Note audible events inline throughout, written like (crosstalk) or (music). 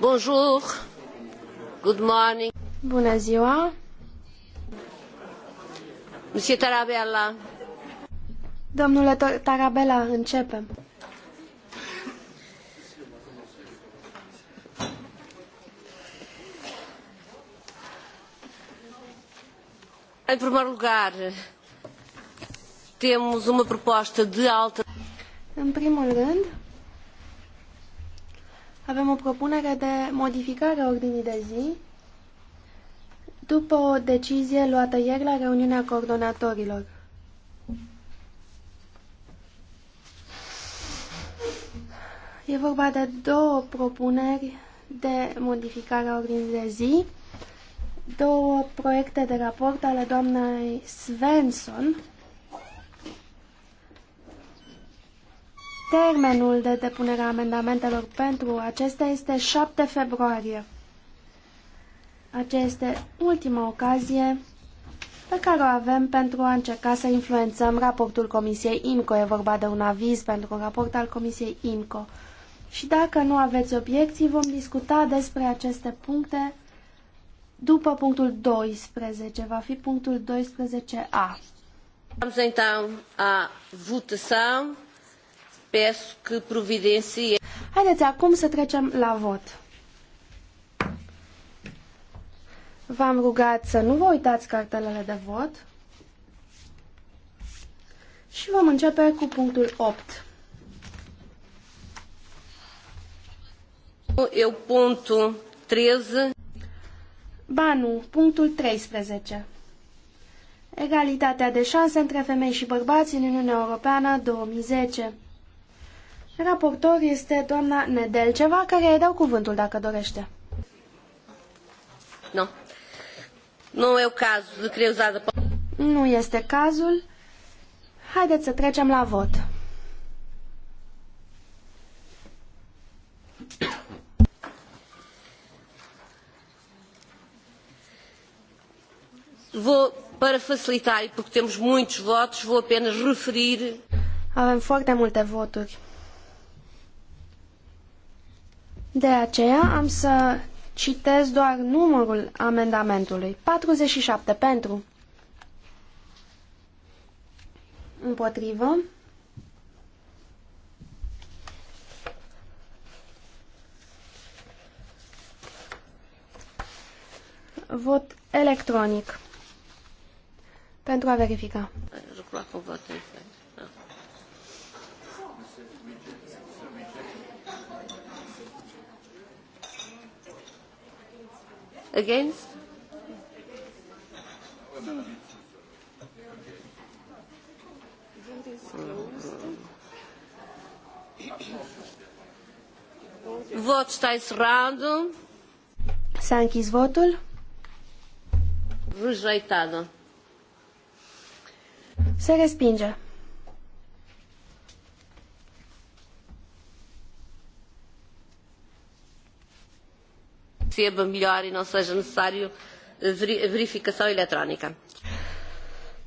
Bonjour. Good morning. Bună ziua. Monsieur Tarabella. Domnule Tarabella, începem. În primul lugar, temos uma proposta de alta. În primul rând, avem o propunere de modificare a ordinii de zi după o decizie luată ieri la reuniunea coordonatorilor. E vorba de două propuneri de modificare a ordinii de zi, două proiecte de raport ale doamnei Svensson, Termenul de depunere a amendamentelor pentru acesta este 7 februarie. Aceasta este ultima ocazie pe care o avem pentru a încerca să influențăm raportul Comisiei IMCO. E vorba de un aviz pentru un raport al Comisiei IMCO. Și dacă nu aveți obiecții, vom discuta despre aceste puncte după punctul 12. Va fi punctul 12a. Vamos então à votação peço que providencie. Haideți acum să trecem la vot. V-am rugat să nu vă uitați cartelele de vot și vom începe cu punctul 8. Eu punctul 13. Banu, punctul 13. Egalitatea de șanse între femei și bărbați în Uniunea Europeană 2010. Raportor este doamna Nedelceva, care îi dau cuvântul dacă dorește. Nu. Nu e cazul, Nu este cazul. Haideți să trecem la vot. Vou, para facilitar, porque temos muitos votos, vou apenas referir... Avem foarte multe voturi. De aceea am să citez doar numărul amendamentului. 47 pentru. Împotrivă. Vot electronic. Pentru a verifica. electronic. Against? Vot sta round. S-a închis votul. Rejeitado. Se respinge. receba melhor e não seja necessário verificação eletrónica.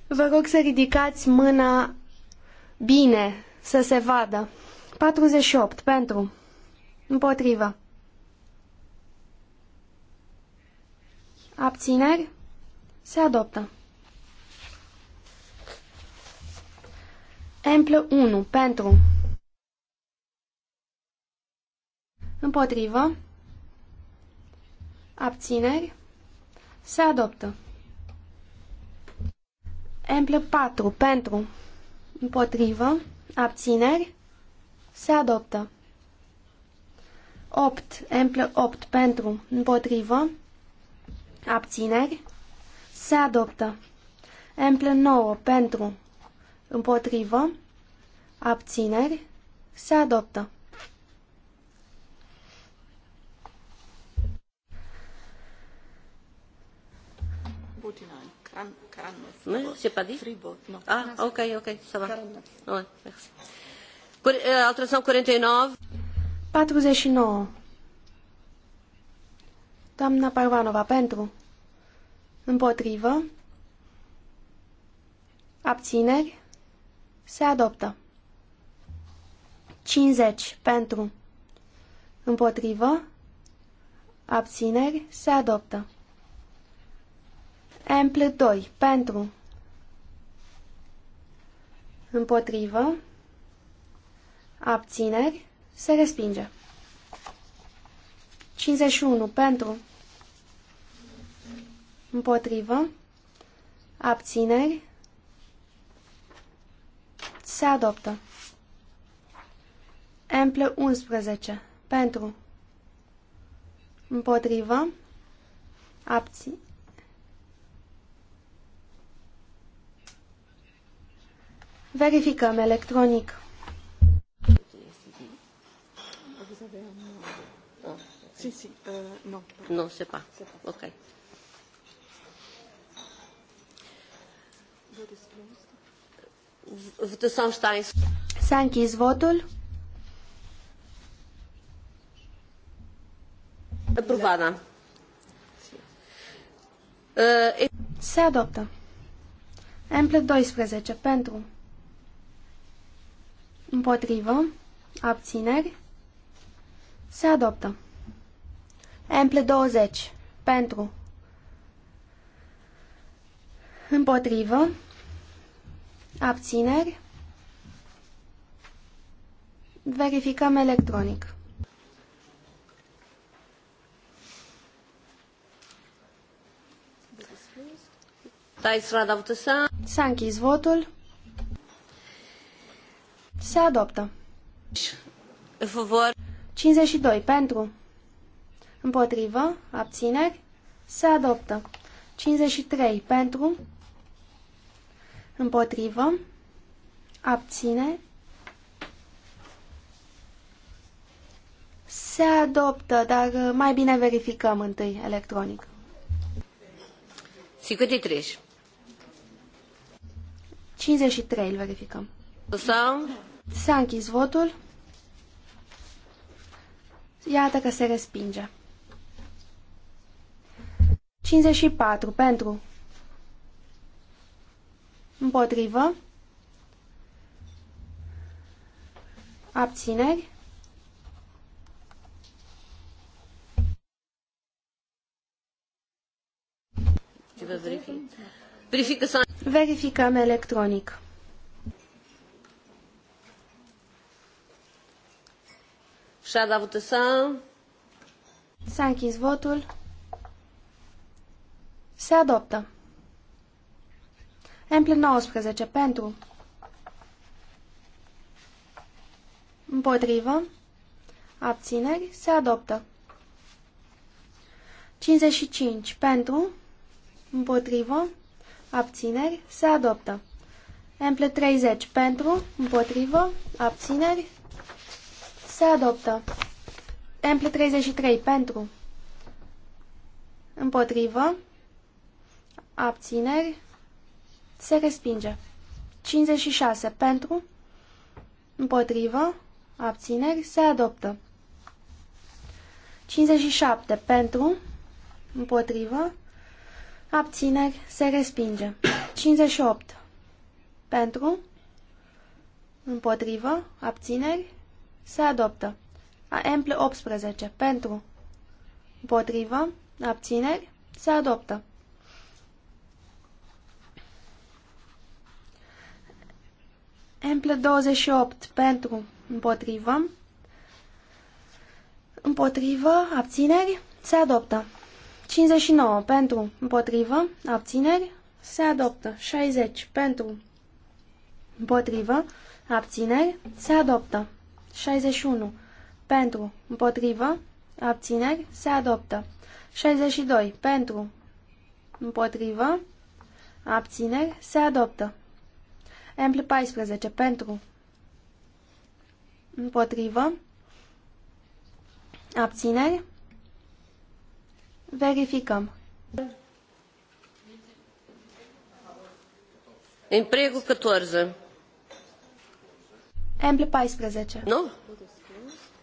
Vă rog să ridicați mâna bine, să se vadă. 48 pentru. Împotrivă. Abțineri? Se adoptă. Emplă 1 pentru. Împotrivă. Abțineri? Se adoptă. Emplă 4. Pentru. Împotrivă. Abțineri? Se adoptă. 8. Emplă 8. Pentru. Împotrivă. Abțineri? Se adoptă. Emplă 9. Pentru. Împotrivă. Abțineri? Se adoptă. 49. non, c'est pas dit non. Ah, ok, ok, ça va. 49. Ouais, merci. Por, uh, alteração 49. 49. Doamna Parvanova, pentru. Împotrivă. Abțineri. Se adoptă. 50. Pentru. Împotrivă. Abțineri. Se adoptă. Ample 2. Pentru. Împotrivă. Abțineri. Se respinge. 51. Pentru. Împotrivă. Abțineri. Se adoptă. Ample 11. Pentru. Împotrivă. Abțineri. Verificăm electronic. Eh, nu, se pa. Ok. S-a închis votul. Aprobada. Se adoptă. Emple 12 pentru. Împotrivă. Abțineri. Se adoptă. Emple 20. Pentru. Împotrivă. Abțineri. Verificăm electronic. S-a închis votul. Se adoptă. favor. 52 pentru. Împotrivă. Abțineri. Se adoptă. 53 pentru. Împotrivă. Abține. Se adoptă, dar uh, mai bine verificăm întâi electronic. 53. 53 îl verificăm. Sau? S-a închis votul. Iată că se respinge. 54 pentru. Împotrivă. Abțineri. Verificăm electronic. S-a dat votação. S-a închis votul. Se adoptă. Emple 19 pentru. Împotrivă. Abțineri. Se adoptă. 55 pentru. Împotrivă. Abțineri. Se adoptă. Emple 30 pentru. Împotrivă. Abțineri. Se adoptă. Temple 33 pentru. Împotrivă. Abțineri. Se respinge. 56 pentru. Împotrivă. Abțineri. Se adoptă. 57 pentru. Împotrivă. Abțineri. Se respinge. 58 pentru. Împotrivă. Abțineri. Se adoptă. Ample 18. Pentru. Împotrivă. Abțineri. Se adoptă. Ample 28. Pentru. Împotrivă. Împotrivă. Abțineri. Se adoptă. 59. Pentru. Împotrivă. Abțineri. Se adoptă. 60. Pentru. Împotrivă. Abțineri. Se adoptă. 61. Pentru, împotrivă, abțineri, se adoptă. 62. Pentru, împotrivă, abțineri, se adoptă. Ampl 14. Pentru, împotrivă, abțineri, verificăm. Emprego 14. Ample 14. Nu?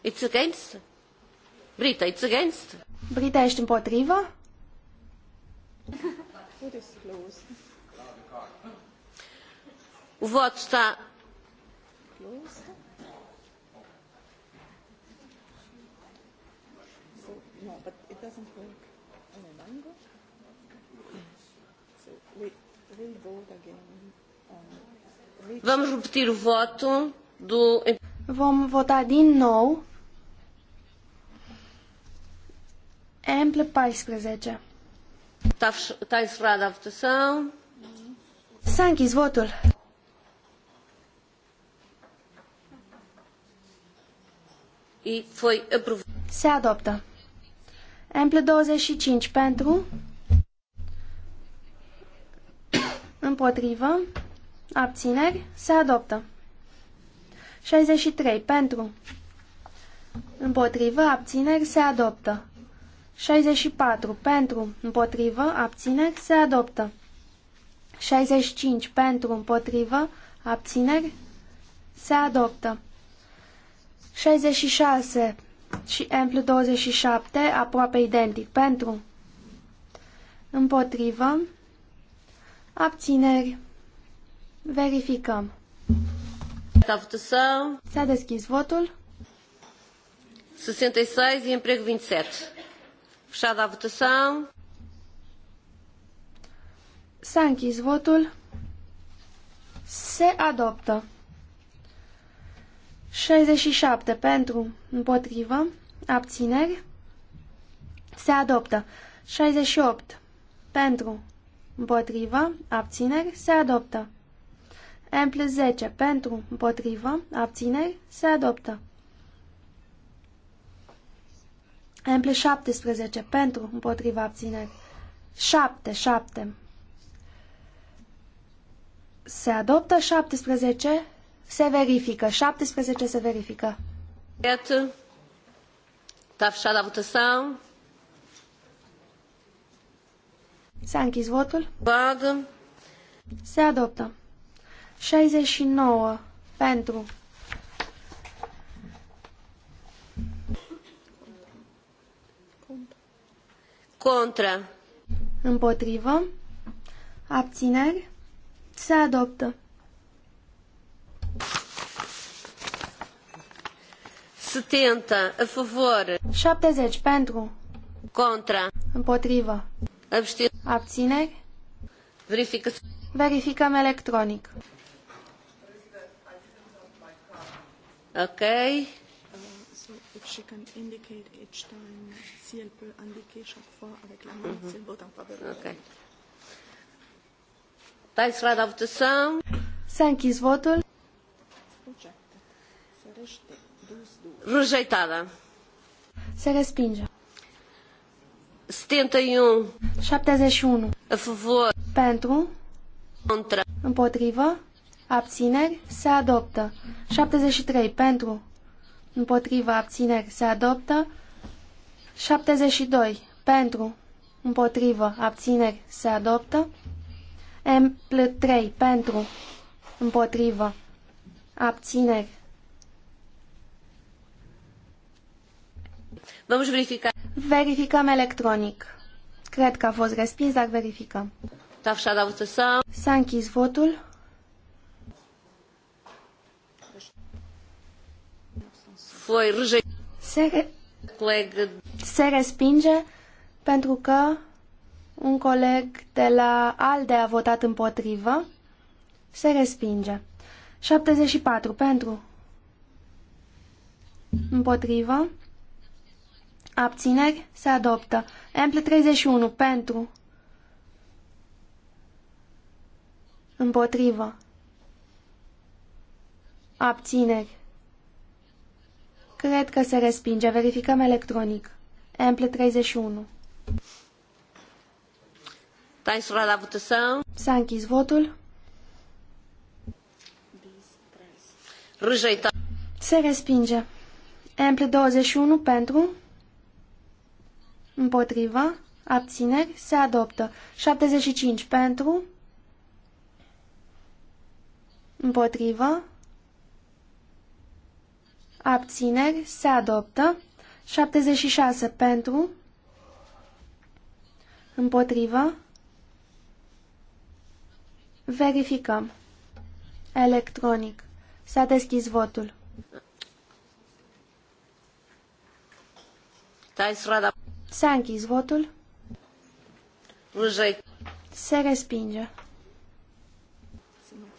It's against? Brita, it's against? Brita, ești împotrivă? O voto está. No, but Vamos repetir o voto do... Vom vota din nou Ample 14. Está encerrada a votação. S-a închis votul. foi aprovat. Se adoptă. Ample 25 pentru. Împotrivă. Abțineri. Se adoptă. 63 pentru. Împotrivă, abțineri, se adoptă. 64 pentru. Împotrivă, abțineri, se adoptă. 65 pentru. Împotrivă, abțineri, se adoptă. 66 și amplu 27, aproape identic, pentru, împotrivă, abțineri, verificăm votat S-a deschis votul. 66 e emprego 27. Fechada a votação. S-a închis votul. Se adoptă. 67 pentru, împotrivă, abțineri. Se adoptă. 68 pentru, împotrivă, abțineri. Se adoptă. M plus 10 pentru, împotrivă, abțineri, se adoptă. M plus 17 pentru, împotrivă, abțineri, 7, 7. Se adoptă 17, se verifică, 17 se verifică. Iată, está fechada deci, votăsau. S-a închis votul. Bagă. Se adoptă. 69 pentru. Contra. Împotrivă. Abțineri. Se adoptă. Setenta. A favor. 70 pentru. Contra. Împotrivă. Abțineri. Verificăm electronic. Okay. So if she can indicate mhm. S-a închis votul. Rejeitada. Se respinge. 71. 71. Um. A favor. Pentru. Contra. Împotrivă. Abțineri se adoptă. 73 pentru. Împotriva abțineri se adoptă. 72 pentru. Împotrivă abțineri se adoptă. M3 pentru. Împotrivă abțineri. Vom verifica. Verificăm electronic. Cred că a fost respins, dar verificăm. Da, s-a închis votul. Se, re... se respinge pentru că un coleg de la ALDE a votat împotrivă. Se respinge. 74 pentru. Împotrivă. Abțineri. Se adoptă. Emple 31 pentru. Împotrivă. Abțineri. Cred că se respinge. Verificăm electronic. Ample 31. Dai sura la votação. S-a închis votul. Se respinge. Ample 21 pentru. Împotriva. Abțineri. Se adoptă. 75 pentru. Împotriva abțineri, se adoptă. 76 pentru, împotrivă, verificăm, electronic. S-a deschis votul. S-a închis votul. Se respinge.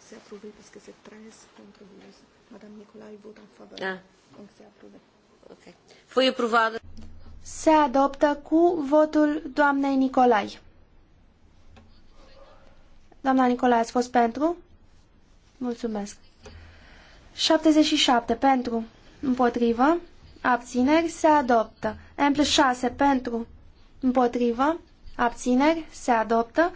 Se aprobă pentru că se trăiesc contra Madame Nicolai ah. se Ok. Foi aprovada. Se adoptă cu votul doamnei Nicolai. Doamna Nicolai, ați fost pentru? Mulțumesc. 77 pentru. Împotrivă. Abțineri. Se adoptă. plus 6 pentru. Împotrivă. Abțineri. Se adoptă.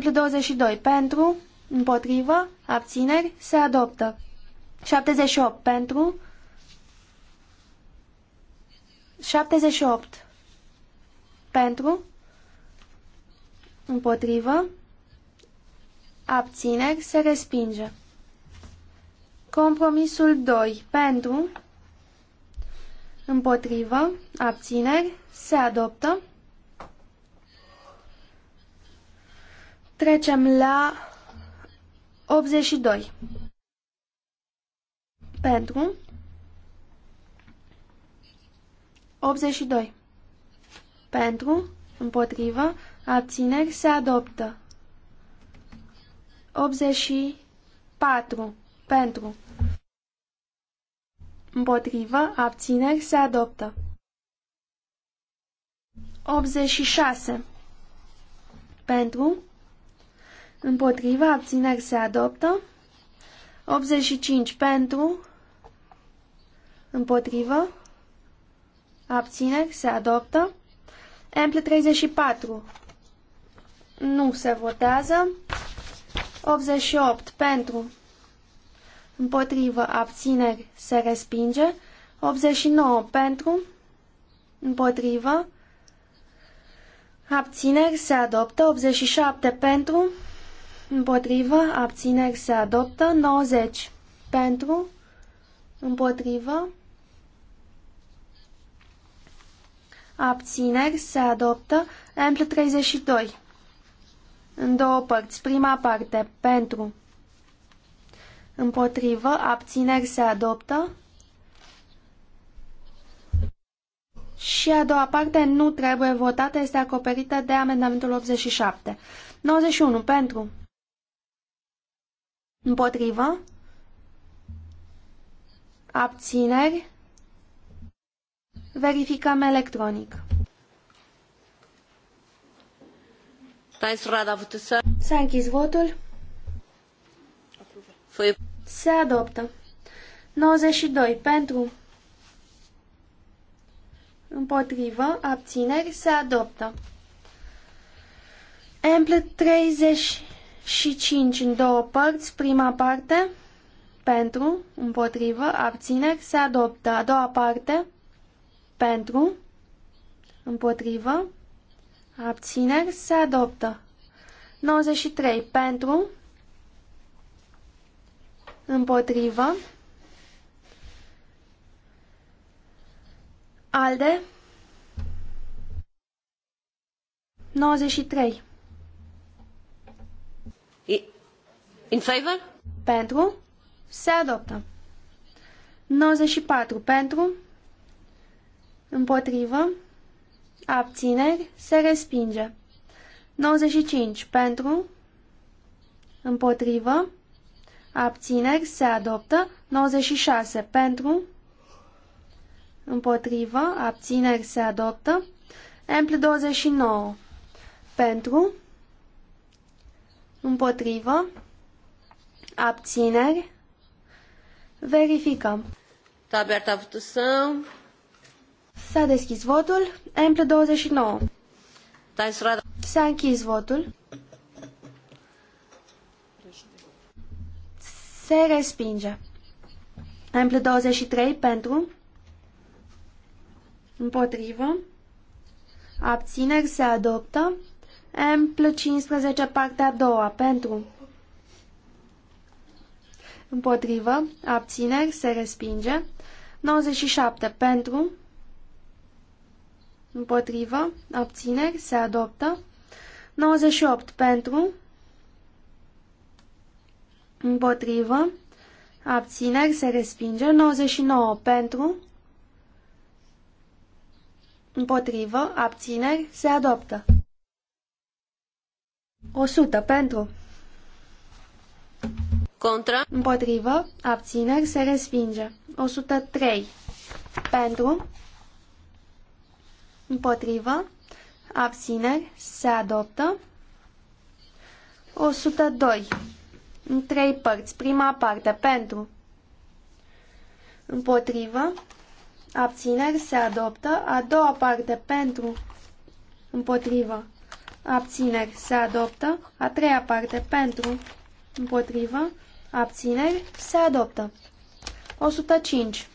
plus 22 pentru. Împotrivă. Abțineri. Se adoptă. 78 pentru. 78 pentru. Împotrivă. Abțineri se respinge. Compromisul 2 pentru. Împotrivă. Abțineri se adoptă. Trecem la 82. Pentru. 82. Pentru, împotrivă, abțineri se adoptă. 84. Pentru. Împotrivă, abțineri se adoptă. 86. Pentru. Împotrivă, abțineri se adoptă. 85. Pentru. Împotrivă. Abțineri. Se adoptă. Ample 34. Nu se votează. 88. Pentru. Împotrivă. Abțineri. Se respinge. 89. Pentru. Împotrivă. Abțineri se adoptă 87 pentru, împotrivă, abțineri se adoptă 90 pentru, împotrivă, abțineri, se adoptă. m 32. În două părți. Prima parte, pentru, împotrivă, abțineri, se adoptă. Și a doua parte nu trebuie votată, este acoperită de amendamentul 87. 91. Pentru. Împotrivă. Abțineri. Verificăm electronic. S-a închis votul. Se adoptă. 92 pentru. Împotrivă, abțineri, se adoptă. Ample 35 în două părți, prima parte, pentru, împotrivă, abțineri, se adoptă. A doua parte, pentru. Împotrivă. Abțineri. Se adoptă. 93. Pentru. Împotrivă. Alde. 93. In favor? Pentru. Se adoptă. 94. Pentru. Împotrivă. Abțineri. Se respinge. 95. Pentru. Împotrivă. Abțineri. Se adoptă. 96. Pentru. Împotrivă. Abțineri. Se adoptă. Ampl 29. Pentru. Împotrivă. Abțineri. Verificăm. Está aberta a votação. S-a deschis votul. Ample 29. S-a închis votul. Se respinge. Ample 23 pentru. Împotrivă. Abțineri se adoptă. Ample 15 partea a doua pentru. Împotrivă. Abțineri se respinge. 97 pentru. Împotrivă. Abțineri. Se adoptă. 98 pentru. Împotrivă. Abțineri. Se respinge. 99 pentru. Împotrivă. Abțineri. Se adoptă. 100 pentru. Contra. Împotrivă. Abțineri. Se respinge. 103 pentru. Împotrivă. Abțineri. Se adoptă. 102. În trei părți. Prima parte. Pentru. Împotrivă. Abțineri. Se adoptă. A doua parte. Pentru. Împotrivă. Abțineri. Se adoptă. A treia parte. Pentru. Împotrivă. Abțineri. Se adoptă. 105.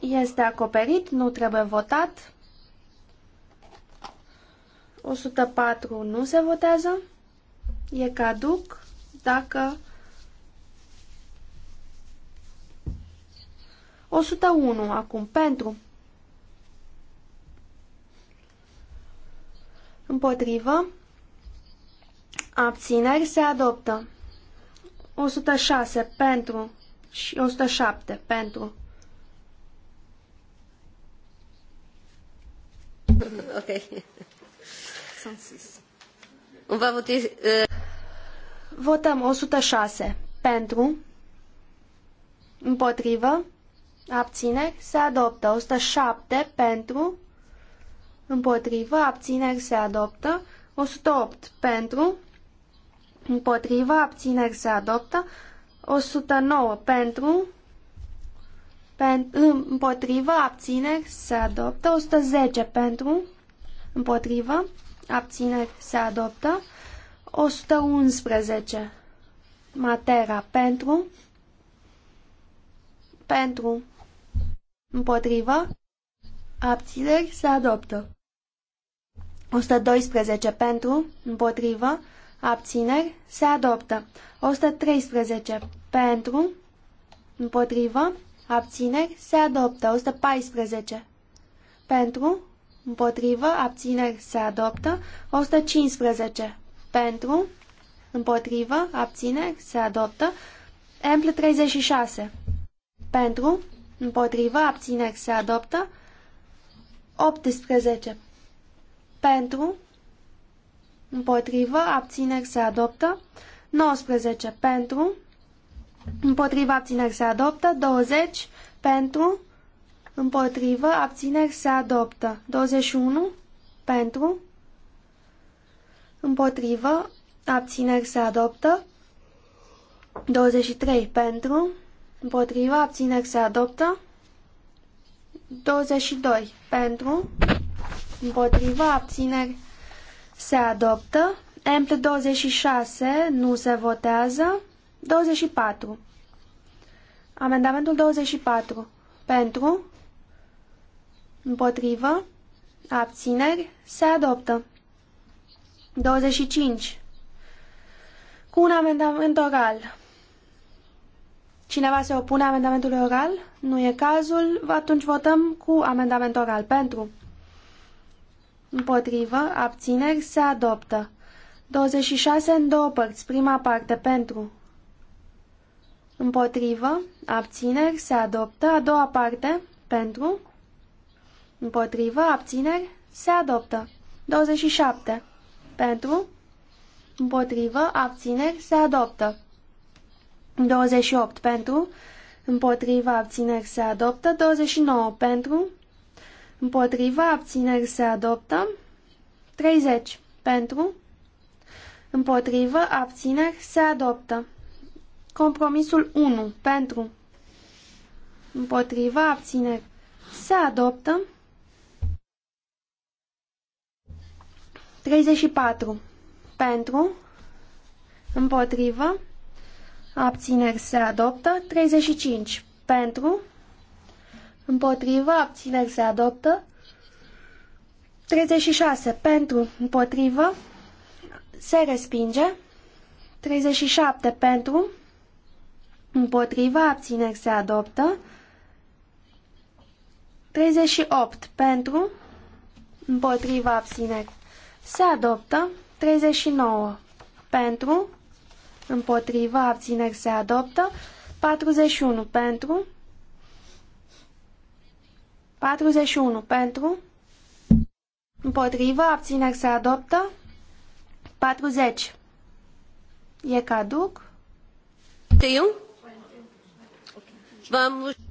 este acoperit, nu trebuie votat. 104 nu se votează. E caduc dacă 101 acum pentru împotrivă abțineri se adoptă 106 pentru și 107 pentru. Ok. On va vota. Uh... Votăm 106 pentru, împotrivă, abțineri, se adoptă 107 pentru, împotrivă, abțineri, se adoptă 108 pentru, împotrivă, abțineri, se adoptă 109 pentru, pentru împotrivă, abțineri, se adoptă. 110 pentru, împotrivă, abțineri, se adoptă. 111 Matera pentru, pentru, împotrivă, abțineri, se adoptă. 112 pentru, împotrivă, Abțineri. Se adoptă. 113 pentru. Împotrivă. Abțineri. Se adoptă. 114 pentru. Împotrivă. Abțineri. Se adoptă. 115 pentru. Împotrivă. Abțineri. Se adoptă. Empl 36 pentru. Împotrivă. Abțineri. Se adoptă. 18 pentru împotrivă, abțineri se adoptă, 19 pentru, împotrivă, abțineri se adoptă, 20 pentru, împotrivă, abțineri se adoptă, 21 pentru, împotrivă, abțineri se adoptă, 23 pentru, împotrivă, abțineri se adoptă, 22 pentru, împotrivă, abțineri se adoptă. m 26 nu se votează. 24. Amendamentul 24. Pentru. Împotrivă. Abțineri. Se adoptă. 25. Cu un amendament oral. Cineva se opune amendamentului oral? Nu e cazul. Atunci votăm cu amendament oral. Pentru. Împotrivă, abțineri, se adoptă. 26 în două părți, prima parte pentru. Împotrivă, abțineri, se adoptă. A doua parte, pentru. Împotrivă, abțineri, se adoptă. 27. Pentru. Împotrivă, abțineri, se adoptă. 28. Pentru. Împotrivă, abțineri, se adoptă. 29. Pentru. Împotriva abțineri se adoptă. 30 pentru. Împotrivă abțineri se adoptă. Compromisul 1 pentru. Împotriva abțineri se adoptă. 34 pentru. Împotrivă. Abțineri se adoptă. 35 pentru. Împotrivă, abțineri se adoptă. 36. Pentru, împotrivă, se respinge. 37. Pentru, împotrivă, abțineri se adoptă. 38. Pentru, împotrivă, abțineri se adoptă. 39. Pentru, împotrivă, abțineri se adoptă. 41. Pentru, 41 pentru, împotrivă, abțineri se adoptă, 40 e caduc,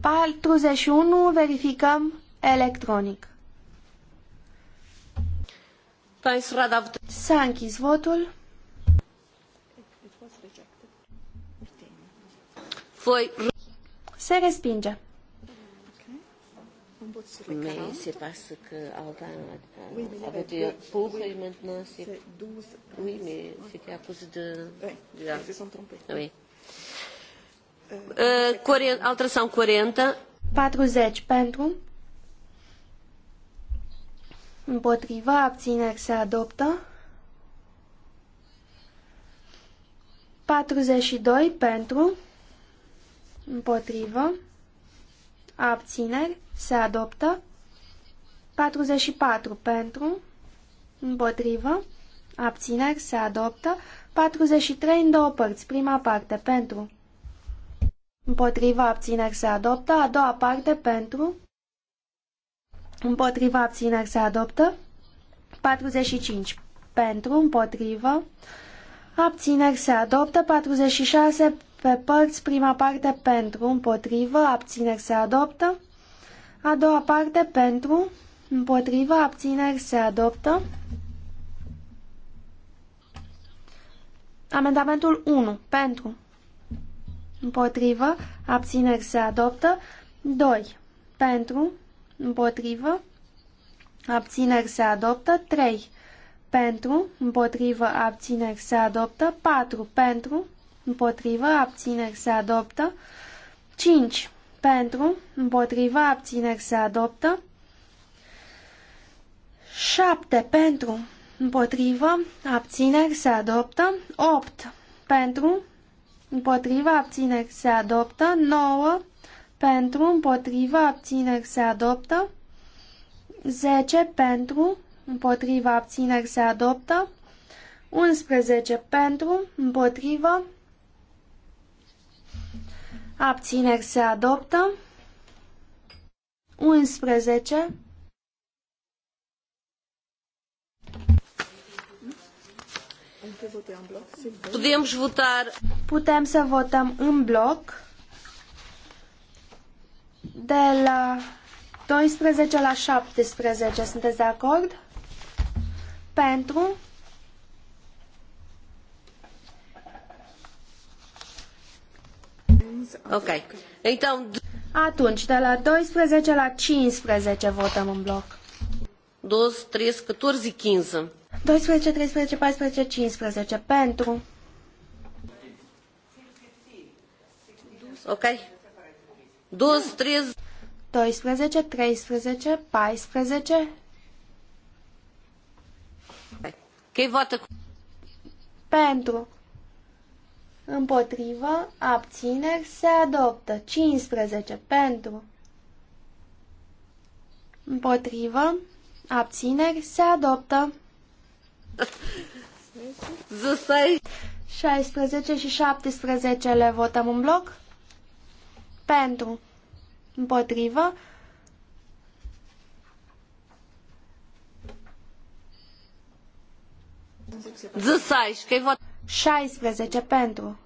41 verificăm electronic. S-a închis votul. Foi. Se respinge. Mais c'est parce que Alban a, oui, a voté et maintenant c'est. Oui, mais c'était à cause de. Oui, ils se sont trompés. Oui. Uh, 40, alteração 40. 40 pentru. Împotriva, abțineri se adoptă. 42 pentru. Împotriva abțineri, se adoptă. 44 pentru, împotrivă, abțineri, se adoptă. 43 în două părți, prima parte pentru, împotriva abțineri se adoptă, a doua parte pentru, împotriva abțineri se adoptă, 45 pentru, împotrivă, abțineri se adoptă, 46 pe părți, prima parte pentru, împotrivă, abțineri se adoptă. A doua parte pentru, împotrivă, abțineri se adoptă. Amendamentul 1. Pentru. Împotrivă. Abțineri se adoptă. 2. Pentru. Împotrivă. Abțineri se adoptă. 3. Pentru. Împotrivă. Abțineri se adoptă. 4. Pentru împotrivă, abțineri se adoptă. 5 pentru, împotrivă, abțineri se adoptă. 7 pentru, împotrivă, abțineri se adoptă. 8 pentru, împotrivă, abțineri se adoptă. 9 pentru, împotrivă, abțineri se adoptă. 10 pentru, împotrivă, abțineri se adoptă. 11 pentru, împotrivă, Abțineri se adoptă. 11. Putem să votar. Putem să votăm în bloc de la 12 la 17. Sunteți de acord? Pentru Atunci, de la 12 la 15 votăm în bloc. 12, 13, 15. 12, 13, 14, 15. Pentru. Ok. 12, 12, 13, 14. Quem vota? Pentru. Împotrivă, abțineri, se adoptă. 15 pentru. Împotrivă, abțineri, se adoptă. 16 și 17 le votăm în bloc. Pentru. Împotrivă. Zăsai, că vot. 16 pentru.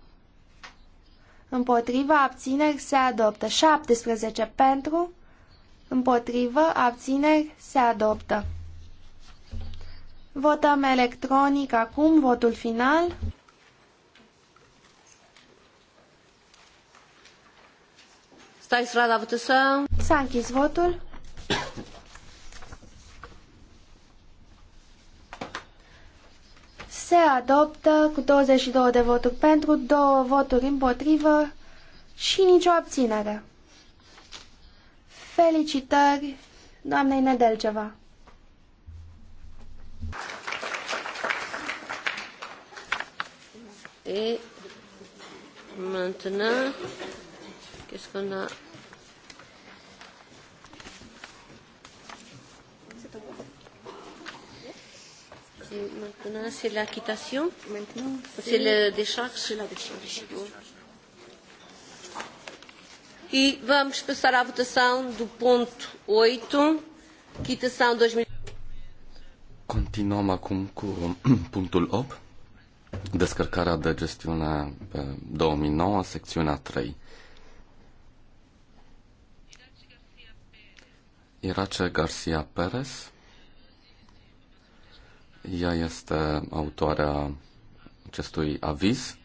Împotriva abțineri se adoptă. 17 pentru. Împotrivă abțineri se adoptă. Votăm electronic acum votul final. Stai strada votul S-a închis votul. se adoptă cu 22 de voturi pentru, 2 voturi împotrivă și nicio abținere. Felicitări doamnei Nedelceva! Et maintenant, qu'est-ce qu'on a maintenant, c'est la quittation. Maintenant, c'est la décharge. C'est la décharge. E vamos passar à votação do ponto 8, quitação 2000. Continuăm acum cu (clears throat) punctul 8, descărcarea de gestiune 2009, secțiunea 3. Irace Garcia Perez. Irace Garcia Perez ea este autoarea acestui aviz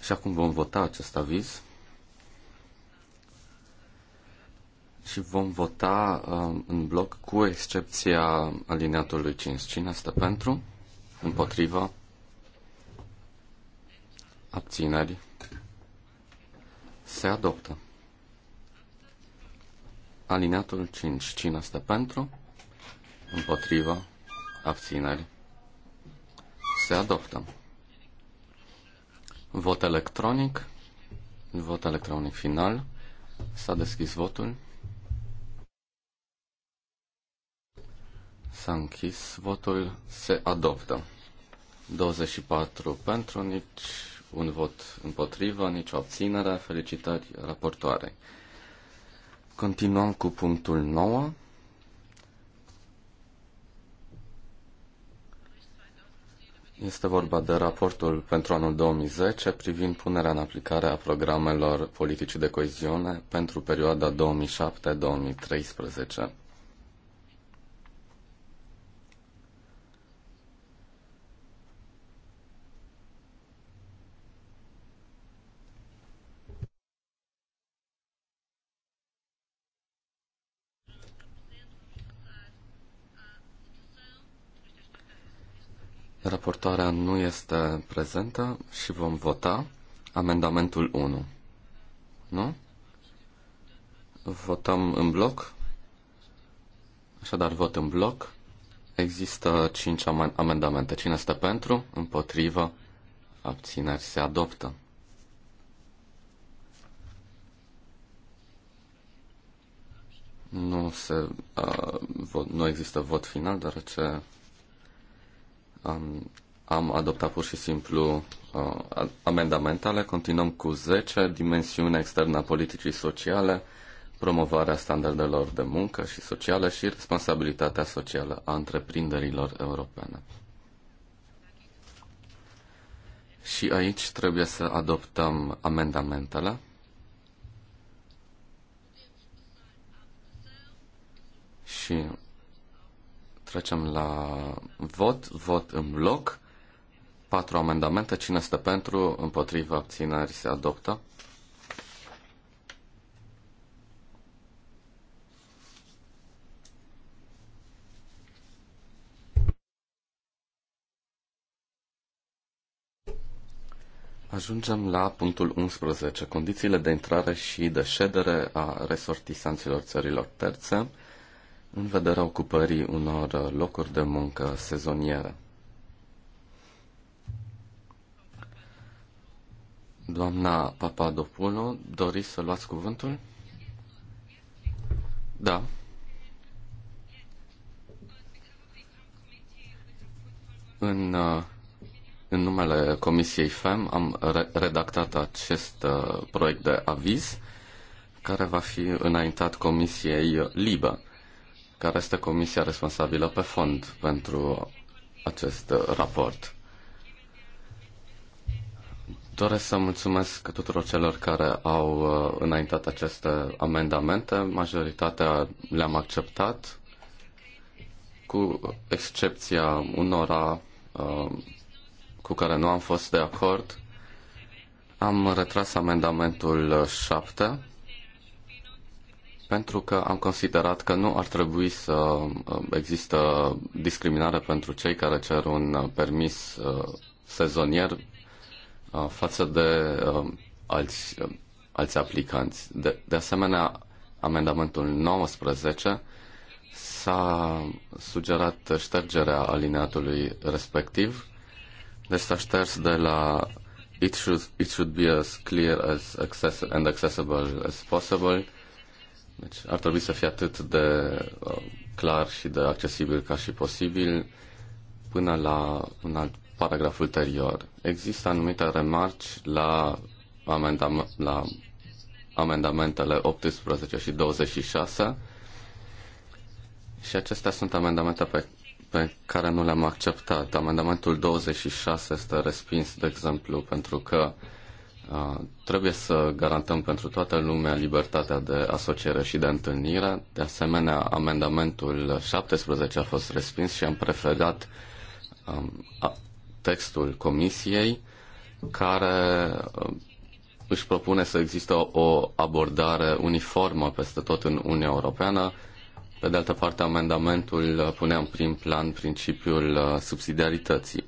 și acum vom vota acest aviz și vom vota uh, în bloc cu excepția alineatului 5. Cine este pentru? Împotriva? Abțineri? Se adoptă. Alineatul 5. Cine este pentru? Împotriva? abțineri, se adoptă. Vot electronic, vot electronic final, s-a deschis votul, s-a închis votul, se adoptă. 24 pentru, nici un vot împotrivă, o abținere, felicitări raportoare. Continuăm cu punctul 9. Este vorba de raportul pentru anul 2010 privind punerea în aplicare a programelor politicii de coeziune pentru perioada 2007-2013. Raportoarea nu este prezentă și vom vota amendamentul 1. Nu? Votăm în bloc. Așadar, vot în bloc. Există 5 amendamente. Cine este pentru? Împotrivă? Abțineri se adoptă. Nu, se, uh, vot, nu există vot final, deoarece am, am adoptat pur și simplu uh, amendamentele. Continuăm cu 10. Dimensiunea externă a politicii sociale, promovarea standardelor de muncă și sociale și responsabilitatea socială a întreprinderilor europene. Și aici trebuie să adoptăm amendamentele. Și Trecem la vot. Vot în bloc. Patru amendamente. Cine stă pentru? Împotriva abțineri se adoptă. Ajungem la punctul 11. Condițiile de intrare și de ședere a resortisanților țărilor terțe în vederea ocupării unor locuri de muncă sezoniere. Doamna Papadopoulou, doriți să luați cuvântul? Da. În, în numele Comisiei FEM am re- redactat acest uh, proiect de aviz care va fi înaintat Comisiei Libă care este comisia responsabilă pe fond pentru acest raport. Doresc să mulțumesc tuturor celor care au uh, înaintat aceste amendamente. Majoritatea le-am acceptat, cu excepția unora uh, cu care nu am fost de acord. Am retras amendamentul 7 pentru că am considerat că nu ar trebui să uh, există discriminare pentru cei care cer un uh, permis uh, sezonier față de alți, alți aplicanți. De, de asemenea, amendamentul 19 s-a sugerat ștergerea alineatului respectiv, deci s-a șters de la it should, it should be as clear as access and accessible as possible deci ar trebui să fie atât de uh, clar și de accesibil ca și posibil până la un alt paragraf ulterior. Există anumite remarci la, amendam- la amendamentele 18 și 26 și acestea sunt amendamente pe, pe care nu le-am acceptat. Amendamentul 26 este respins, de exemplu, pentru că uh, Trebuie să garantăm pentru toată lumea libertatea de asociere și de întâlnire. De asemenea, amendamentul 17 a fost respins și am preferat um, a, textul comisiei care um, își propune să există o abordare uniformă peste tot în Uniunea Europeană. Pe de altă parte, amendamentul punea în prim plan principiul uh, subsidiarității.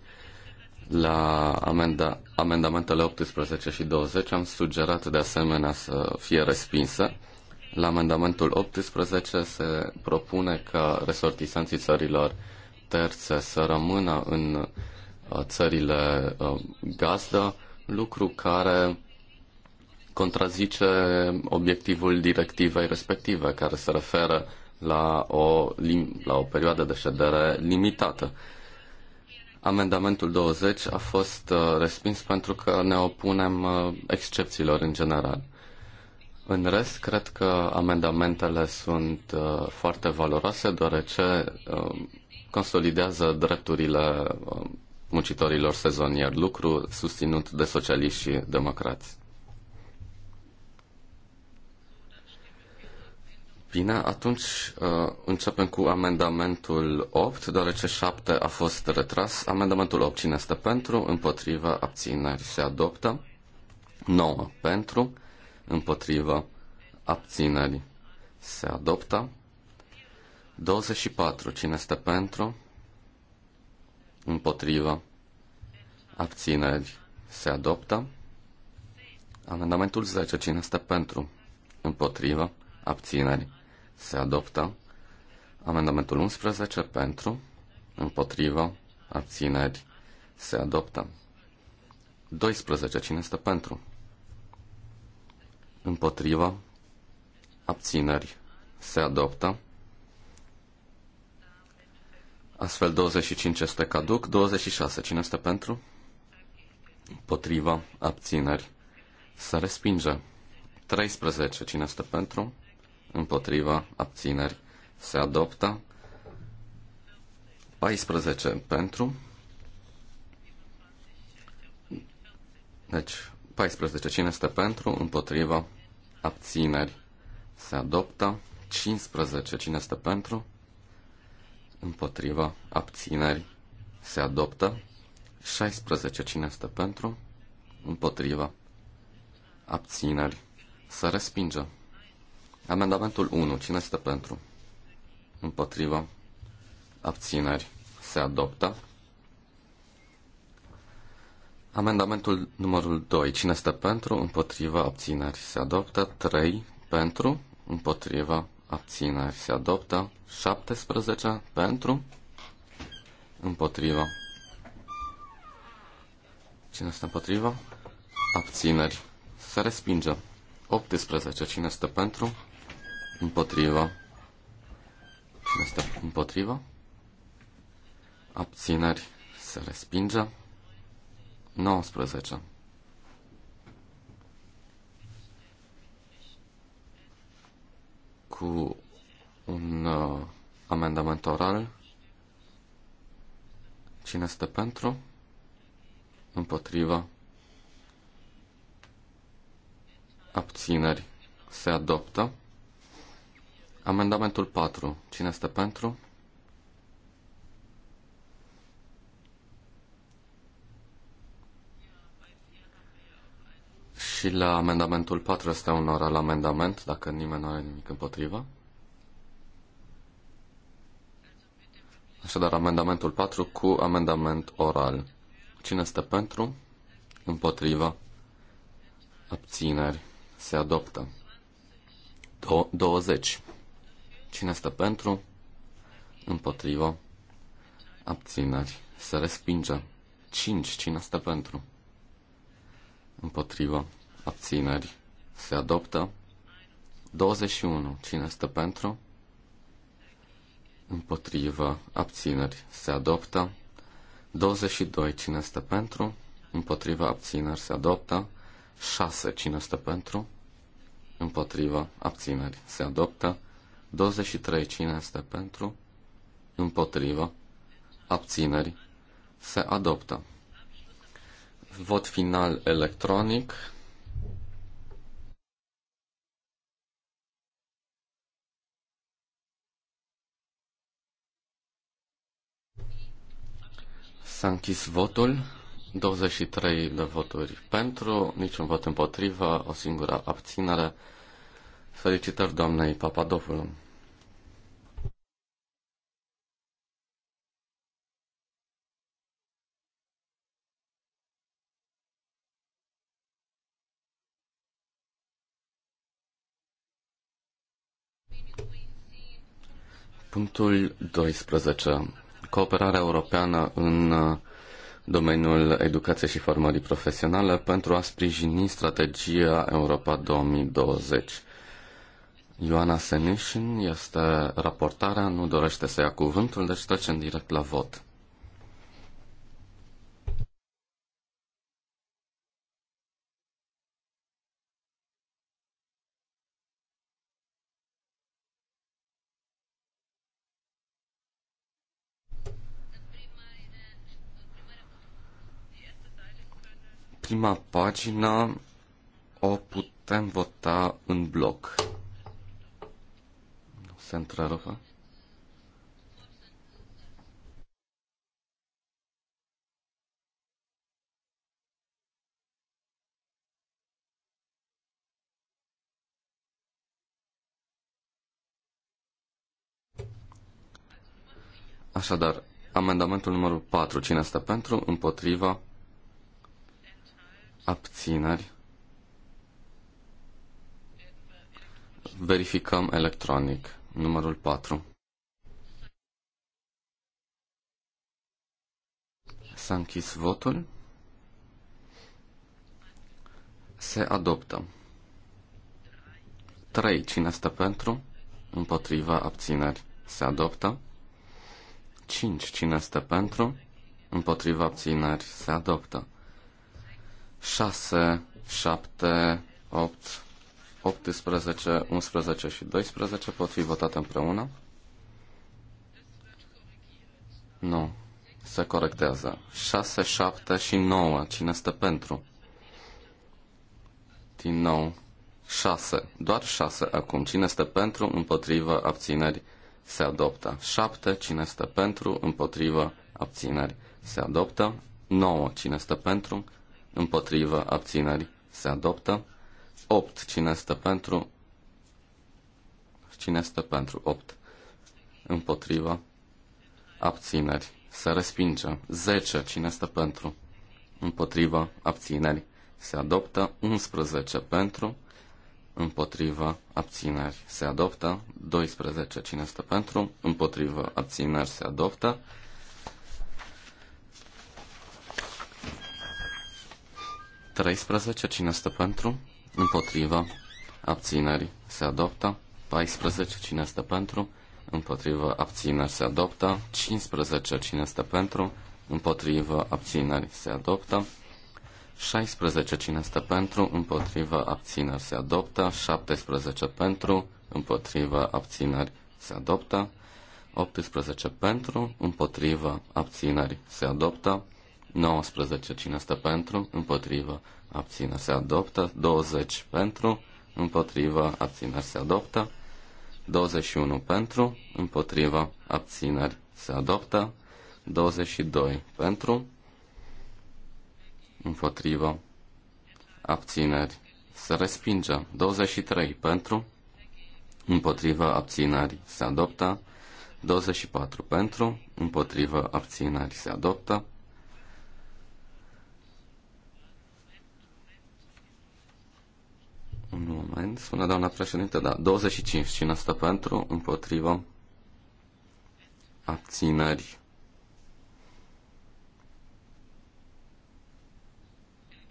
La amenda, amendamentele 18 și 20 am sugerat de asemenea să fie respinsă. La amendamentul 18 se propune ca resortisanții țărilor terțe să rămână în uh, țările uh, gazdă, lucru care contrazice obiectivul directivei respective, care se referă la o, la o perioadă de ședere limitată. Amendamentul 20 a fost uh, respins pentru că ne opunem uh, excepțiilor în general. În rest, cred că amendamentele sunt uh, foarte valoroase, deoarece consolidează drepturile muncitorilor sezonieri, lucru susținut de socialiști și democrați. Bine, atunci uh, începem cu amendamentul 8, deoarece 7 a fost retras. Amendamentul 8, cine este pentru? Împotriva, abțineri, se adoptă. 9 pentru, împotriva, abțineri, se adoptă. 24, cine este pentru? Împotriva, abțineri, se adoptă. Amendamentul 10, cine este pentru? Împotriva, abțineri, se adoptă. Amendamentul 11 pentru, împotrivă, abțineri, se adoptă. 12. Cine este pentru? Împotrivă, abțineri, se adoptă. Astfel 25 este caduc, 26. Cine este pentru? împotrivă abțineri. Să respinge. 13. Cine este pentru? împotriva, abțineri, se adoptă. 14 pentru. Deci, 14. Cine este pentru, împotriva, abțineri, se adoptă. 15. Cine este pentru, împotriva, abțineri, se adoptă. 16. Cine este pentru, împotriva, abțineri, se respinge. Amendamentul 1. Cine este pentru? Împotrivă. Abțineri. Se adoptă. Amendamentul numărul 2. Cine este pentru? Împotrivă. Abțineri. Se adoptă. 3. Pentru. Împotrivă. Abțineri. Se adoptă. 17. Pentru. Împotrivă. Cine este împotrivă? Abțineri. Se respinge. 18. Cine este pentru? Împotrivă. Cine stă împotrivă? Abțineri se respinge. 19. Cu un uh, amendament oral. Cine este pentru? Împotriva? Abțineri se adoptă. Amendamentul 4. Cine este pentru? Și la amendamentul 4 este un oral amendament, dacă nimeni nu are nimic împotriva. Așadar, amendamentul 4 cu amendament oral. Cine este pentru? Împotriva. Abțineri. Se adoptă. Do- 20. Cine stă pentru? Împotrivă. Abțineri. Se respinge. 5. Cine stă pentru? Împotrivă. Abțineri. Se adoptă. 21. Cine stă pentru? Împotrivă. Abțineri. Se adoptă. 22. Cine stă pentru? Împotrivă. Abțineri. Se adoptă. 6. Cine stă pentru? Împotrivă. Abțineri. Se adoptă. 23. Cine este pentru? Împotrivă. Abțineri. Se adoptă. Vot final electronic. S-a închis votul. 23 de voturi pentru, niciun vot împotrivă, o singură abținere. Felicitări doamnei Papadopoulou. Punctul 12. Cooperarea europeană în uh, domeniul educației și formării profesionale pentru a sprijini strategia Europa 2020. Ioana Senishin este raportarea, nu dorește să ia cuvântul, deci trecem direct la vot. Prima pagină o putem vota în bloc se Așadar, amendamentul numărul 4, cine este pentru, împotriva, abțineri, verificăm electronic numărul 4. S-a închis votul. Se adoptă. 3. Cine stă pentru? Împotriva abțineri. Se adoptă. 5. Cine stă pentru? Împotriva abțineri. Se adoptă. 6, 7, 8, 18, 11 și 12 pot fi votate împreună? Nu. Se corectează. 6, 7 și 9. Cine este pentru? Din nou. 6. Doar 6 acum. Cine este pentru, împotrivă, abțineri, se adoptă. 7. Cine este pentru, împotrivă, abțineri, se adoptă. 9. Cine este pentru, împotrivă, abțineri, se adoptă. 8. Cine este pentru? Cine este pentru? 8. Împotriva. Abțineri. Se respinge. 10. Cine este pentru? Împotriva. Abțineri. Se adoptă. 11. Pentru. Împotriva. Abțineri. Se adoptă. 12. Cine este pentru? Împotriva. Abțineri. Se adoptă. Treisprezece. Cine este pentru? împotriva, abțineri se adoptă, 14 cine este pentru, împotriva, abțineri se adoptă, 15 cine este pentru, împotriva, abțineri se adoptă, 16 cine este pentru, împotriva, abțineri se adoptă, 17 pentru, împotriva, abțineri se adoptă, 18 pentru, împotriva, abțineri se adoptă, 19 cine este pentru, împotriva, abțineri se adoptă, 20 pentru, împotriva, abțineri se adoptă, 21 pentru, împotriva, abțineri se adoptă, 22 pentru, împotriva, abțineri se respinge, 23 pentru, împotriva, abțineri se adoptă, 24 pentru, împotriva, abțineri se adoptă, Un moment, spune doamna președinte, da, 25. Cine stă pentru? Împotrivă? Abținări.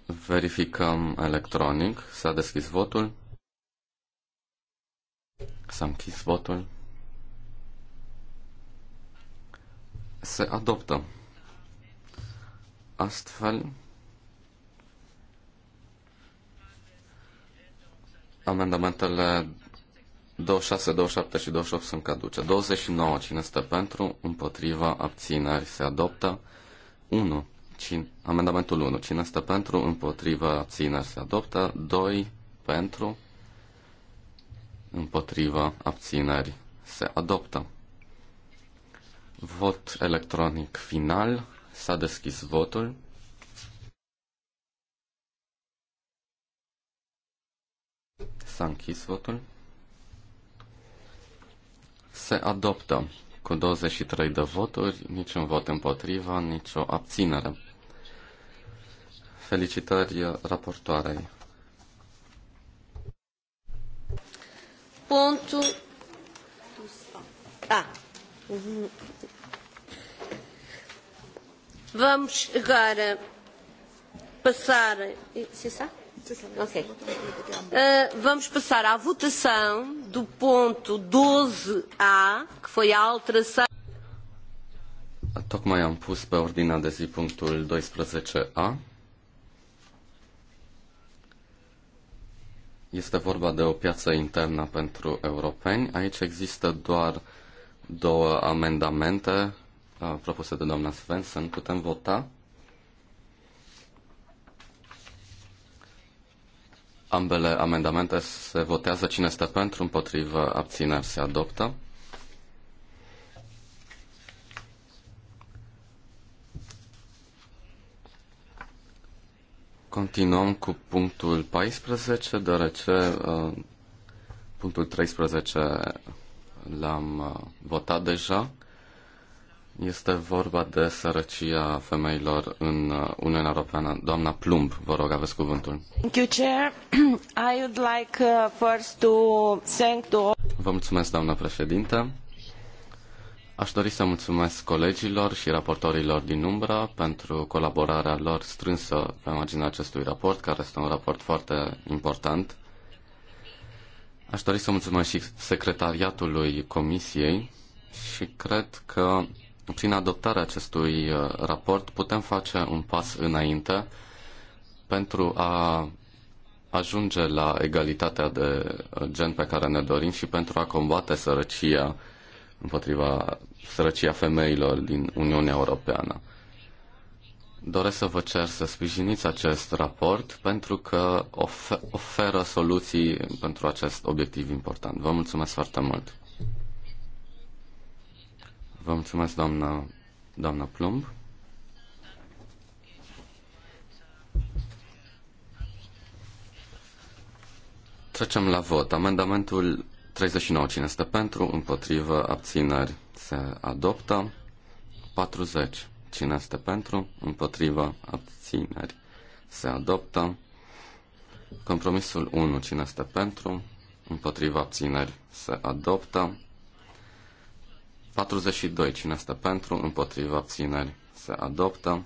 Verificăm electronic. S-a deschis votul. S-a închis votul. Se adoptă. Astfel, Amendamentele 26, 27 și 28 sunt caduce. 29. Cine este pentru? Împotriva. Abțineri. Se adoptă. 1. Cine, amendamentul 1. Cine este pentru? Împotriva. Abțineri. Se adoptă. 2. Pentru. Împotriva. Abțineri. Se adoptă. Vot electronic final. S-a deschis votul. S-a închis votul. Se adoptă cu 23 de voturi, niciun vot împotriva, nicio abținere. Felicitări raportoarei. Punctul Da. Vamos agora passar. sabe? Ok. Uh, vamos passar à votação do ponto 12A, que foi a alteração. Tocmai am pus pe ordinea de zi punctul 12A. Este vorba de o piață internă pentru europeni. Aici există doar două amendamente uh, propuse de doamna Svensson. Putem vota? Ambele amendamente se votează cine este pentru, împotrivă, abține, se adoptă. Continuăm cu punctul 14, deoarece uh, punctul 13 l-am uh, votat deja. Este vorba de sărăcia femeilor în uh, Uniunea Europeană. Doamna Plumb, vă rog, aveți cuvântul. Thank you, Chair. (clears throat) I would like uh, first to thank to... Vă mulțumesc, doamna președintă. Aș dori să mulțumesc colegilor și raportorilor din umbră pentru colaborarea lor strânsă pe marginea acestui raport, care este un raport foarte important. Aș dori să mulțumesc și secretariatului Comisiei și cred că prin adoptarea acestui uh, raport putem face un pas înainte pentru a ajunge la egalitatea de uh, gen pe care ne dorim și pentru a combate sărăcia împotriva sărăcia femeilor din Uniunea Europeană. Doresc să vă cer să sprijiniți acest raport pentru că oferă soluții pentru acest obiectiv important. Vă mulțumesc foarte mult! Vă mulțumesc, doamna, doamna Plumb. Trecem la vot. Amendamentul 39. Cine este pentru? Împotrivă. Abțineri. Se adoptă. 40. Cine este pentru? Împotrivă. Abțineri. Se adoptă. Compromisul 1. Cine este pentru? Împotriva abțineri se adoptă. 42. Cine este pentru? Împotriva abțineri se adoptă.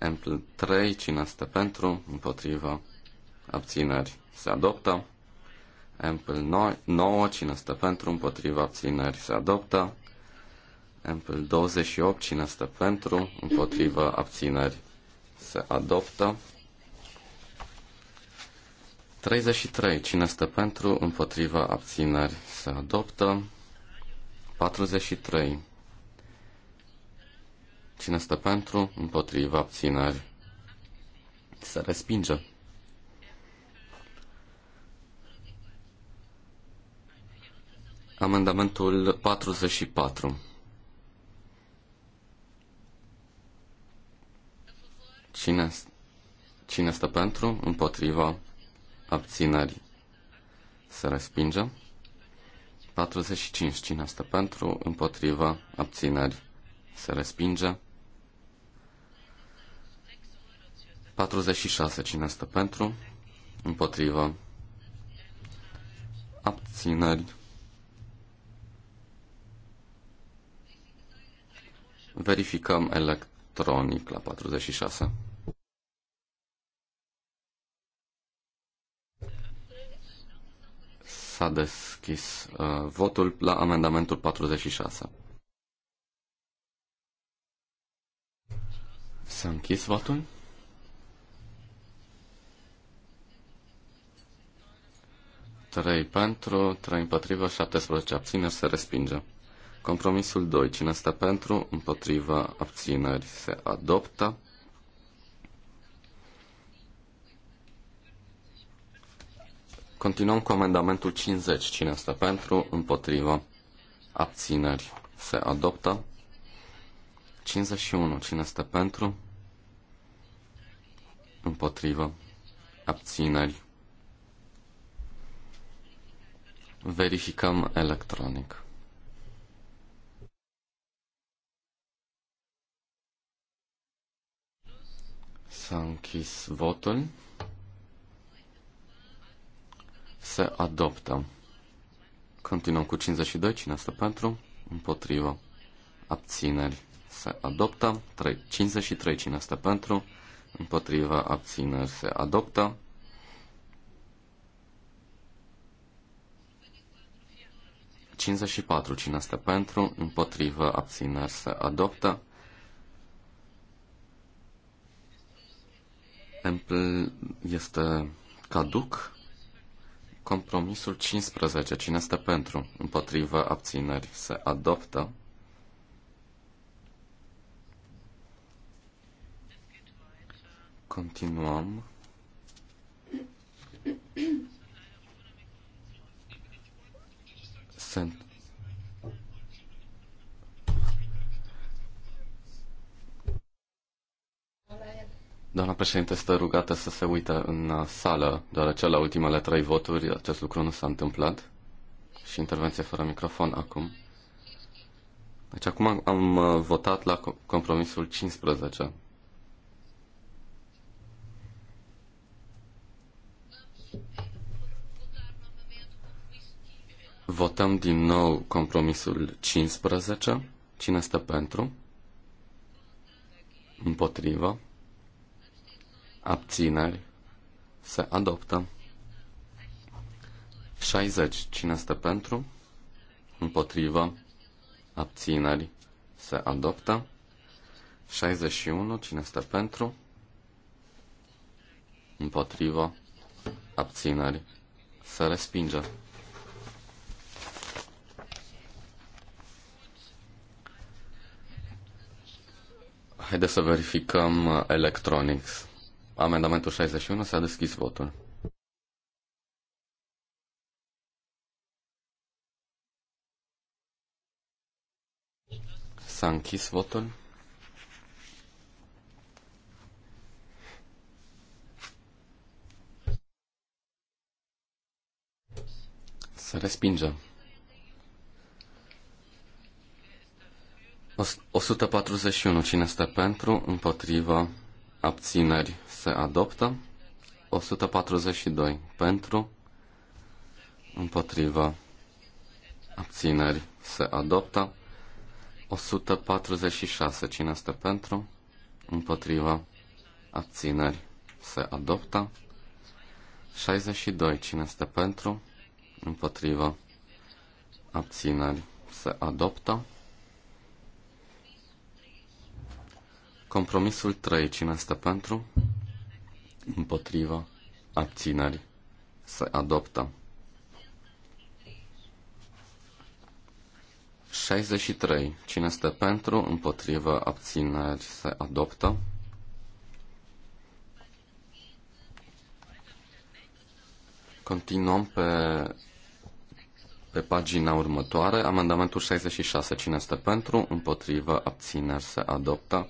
Ampl 3. Cine este pentru? Împotriva abțineri se adoptă. Ampl 9. Cine este pentru? Împotriva abțineri se adoptă. Ampl 28. Cine este pentru? Împotriva abțineri se adoptă. 33. Cine este pentru? Împotriva abțineri se adoptă. 43. Cine stă pentru, împotriva, abțineri, se respinge. Amendamentul 44. Cine, cine stă pentru, împotriva, abțineri, se respinge. 45. Cine stă pentru? Împotriva. Abțineri. Se respinge. 46. Cine stă pentru? Împotriva. Abțineri. Verificăm electronic la 46. S-a deschis uh, votul la amendamentul 46. S-a închis votul? Trei pentru, trei împotrivă, 17 abțineri, se respinge. Compromisul 2. Cine stă pentru, împotriva, abțineri, se adoptă. Continuăm cu amendamentul 50. Cine este pentru? Împotrivă. Abțineri. Se adoptă. 51. Cine este pentru? Împotrivă. Abțineri. Verificăm electronic. S-a închis votul se adoptă. Continuăm cu 52, cine este pentru, împotrivă, abțineri, se adoptă. 3, 53, cine este pentru, împotrivă, abțineri, se adoptă. 54. Cine este pentru, împotrivă, abțineri, se adoptă. este caduc. Compromisul 15. Cine este pentru? Împotrivă abțineri. Se adoptă. Continuăm. Sunt Doamna președinte este rugată să se uită în uh, sală, deoarece la ultimele trei voturi acest lucru nu s-a întâmplat. Și intervenție fără microfon acum. Deci acum am uh, votat la compromisul 15. Votăm din nou compromisul 15. Cine stă pentru? Împotrivă? abțineri, se adoptă. 60. Cine este pentru? Împotrivă, abțineri, se adoptă. 61. Cine este pentru? Împotrivă, abțineri, se respinge. Haideți să verificăm electronics. Amendamentul 61 s-a deschis votul. S-a închis votul. Să respingem. 141. Cine stă pentru, împotrivă, abțineri se adoptă. 142 pentru, împotriva, abțineri se adoptă. 146 cine este pentru, împotriva, abțineri se adoptă. 62 cine este pentru, împotriva, abțineri se adoptă. Compromisul 3. Cine este pentru? Împotriva. Abțineri. Se adoptă. 63. Cine este pentru? Împotriva. Abțineri. Se adoptă. Continuăm pe, pe pagina următoare. Amendamentul 66. Cine este pentru? Împotriva. Abțineri. Se adoptă.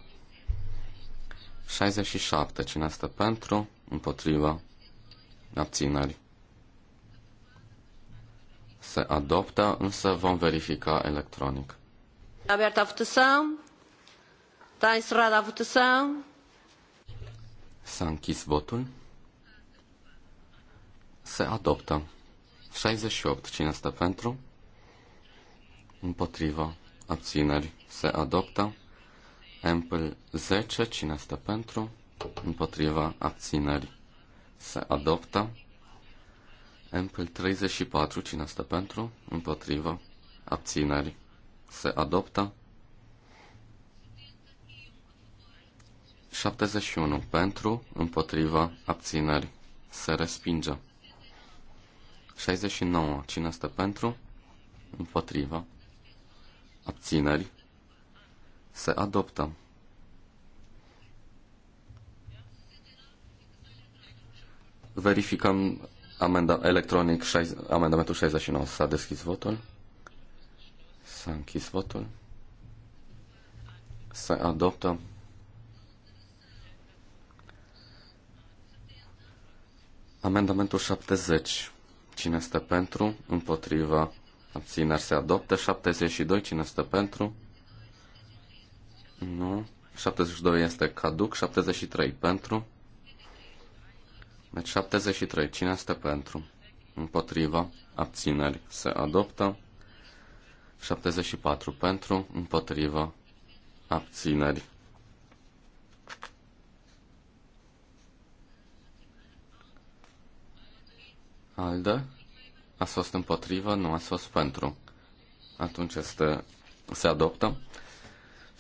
67. Cine este pentru? Împotriva? Abțineri? Se adoptă, însă vom verifica electronic. Aberta a votação. Está encerrada a S-a închis votul. Se adoptă. 68. Cine este pentru? Împotriva. Abțineri. Se adoptă. Ample 10, cine este pentru? Împotriva abțineri se adoptă. Ample 34, cine este pentru? Împotriva abțineri se adoptă. 71 pentru, împotriva abțineri se respinge. 69, cine este pentru? Împotriva abțineri se adoptă. Verificăm amenda electronic amendamentul 69. S-a deschis votul. S-a închis votul. Se adoptă. Amendamentul 70. Cine este pentru? Împotriva. Abțineri se adoptă. 72. Cine este pentru? Nu. 72 este caduc. 73 pentru. Deci 73. Cine este pentru? Împotriva. Abțineri. Se adoptă. 74 pentru. Împotriva. Abțineri. Alde? Ați fost împotrivă, nu ați fost pentru. Atunci este, se adoptă.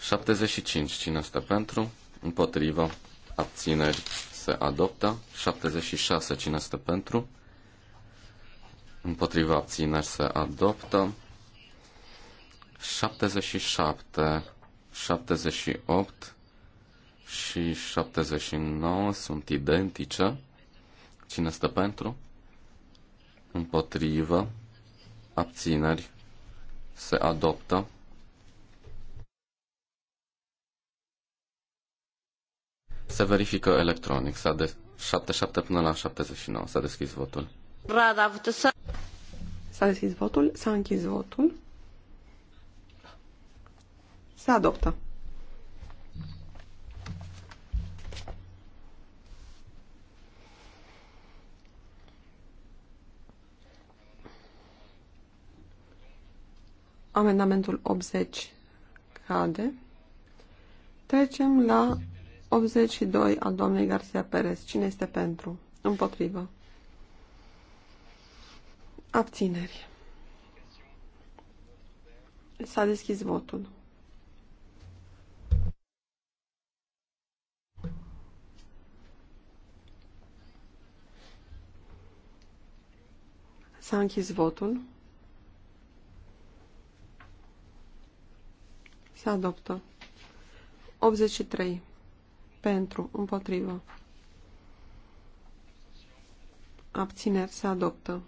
75. Cine este pentru? Împotrivă. Abțineri se adoptă. 76. Cine este pentru? Împotrivă. abțineri se adoptă. 77, 78 și 79 sunt identice. Cine este pentru? Împotrivă. Abțineri se adoptă. Se verifică electronic. S-a de 77 până la 79. S-a deschis votul. Rada, să... S-a deschis votul, s-a închis votul. Se adoptă. Amendamentul 80 cade. Trecem la 82 al doamnei Garcia Perez. Cine este pentru? Împotrivă. Abțineri. S-a deschis votul. S-a închis votul. Se adoptă. 83 pentru, împotrivă. Abțineri se adoptă.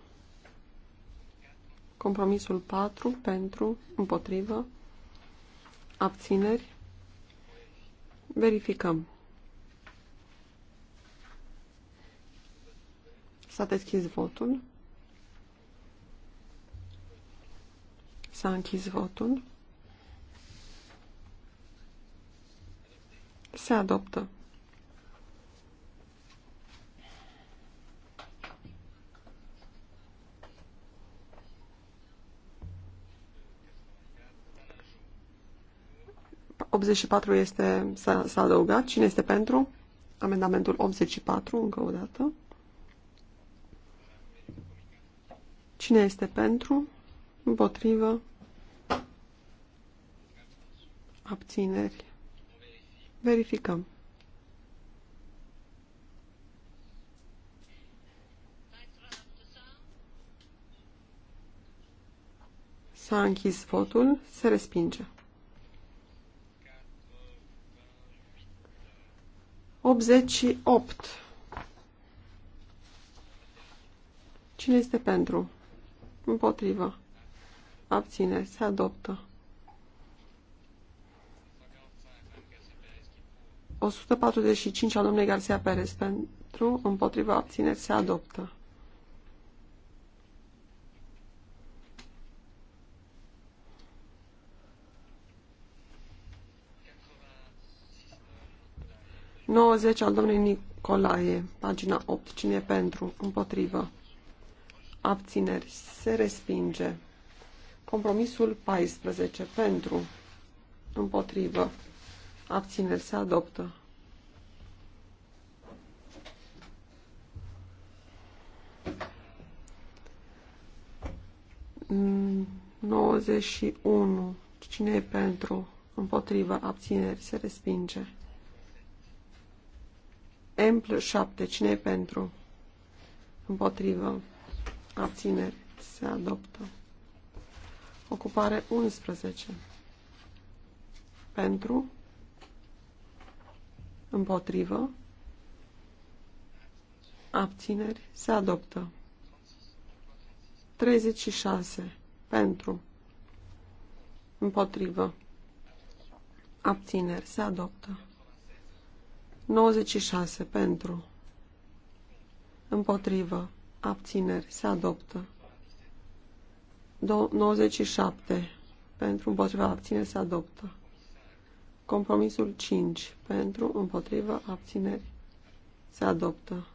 Compromisul 4 pentru, împotrivă. Abțineri. Verificăm. S-a deschis votul. S-a închis votul. Se adoptă. patru este, s-a adăugat. Cine este pentru? Amendamentul 84, încă o dată. Cine este pentru? Împotrivă? Abțineri. Verificăm. S-a închis votul, se respinge. 88. Cine este pentru? Împotrivă. Abține. Se adoptă. 145 al domnului Garcia Perez pentru, împotriva abțineri se adoptă. Nouăzeci al domnului Nicolae, pagina 8, cine pentru, împotrivă, abțineri, se respinge. Compromisul 14, pentru, împotrivă. Abțineri se adoptă. Mm. 91. Cine e pentru? Împotriva abțineri se respinge. M plus 7. Cine e pentru? Împotriva. Abțineri. Se adoptă. Ocupare 11. Pentru. Împotrivă. Abțineri. Se adoptă. 36. Pentru. Împotrivă. Abțineri. Se adoptă. 96. Pentru. Împotrivă. Abțineri. Se adoptă. 97. Pentru împotriva abțineri se adoptă. Compromisul 5. Pentru, împotrivă, abțineri. Se adoptă.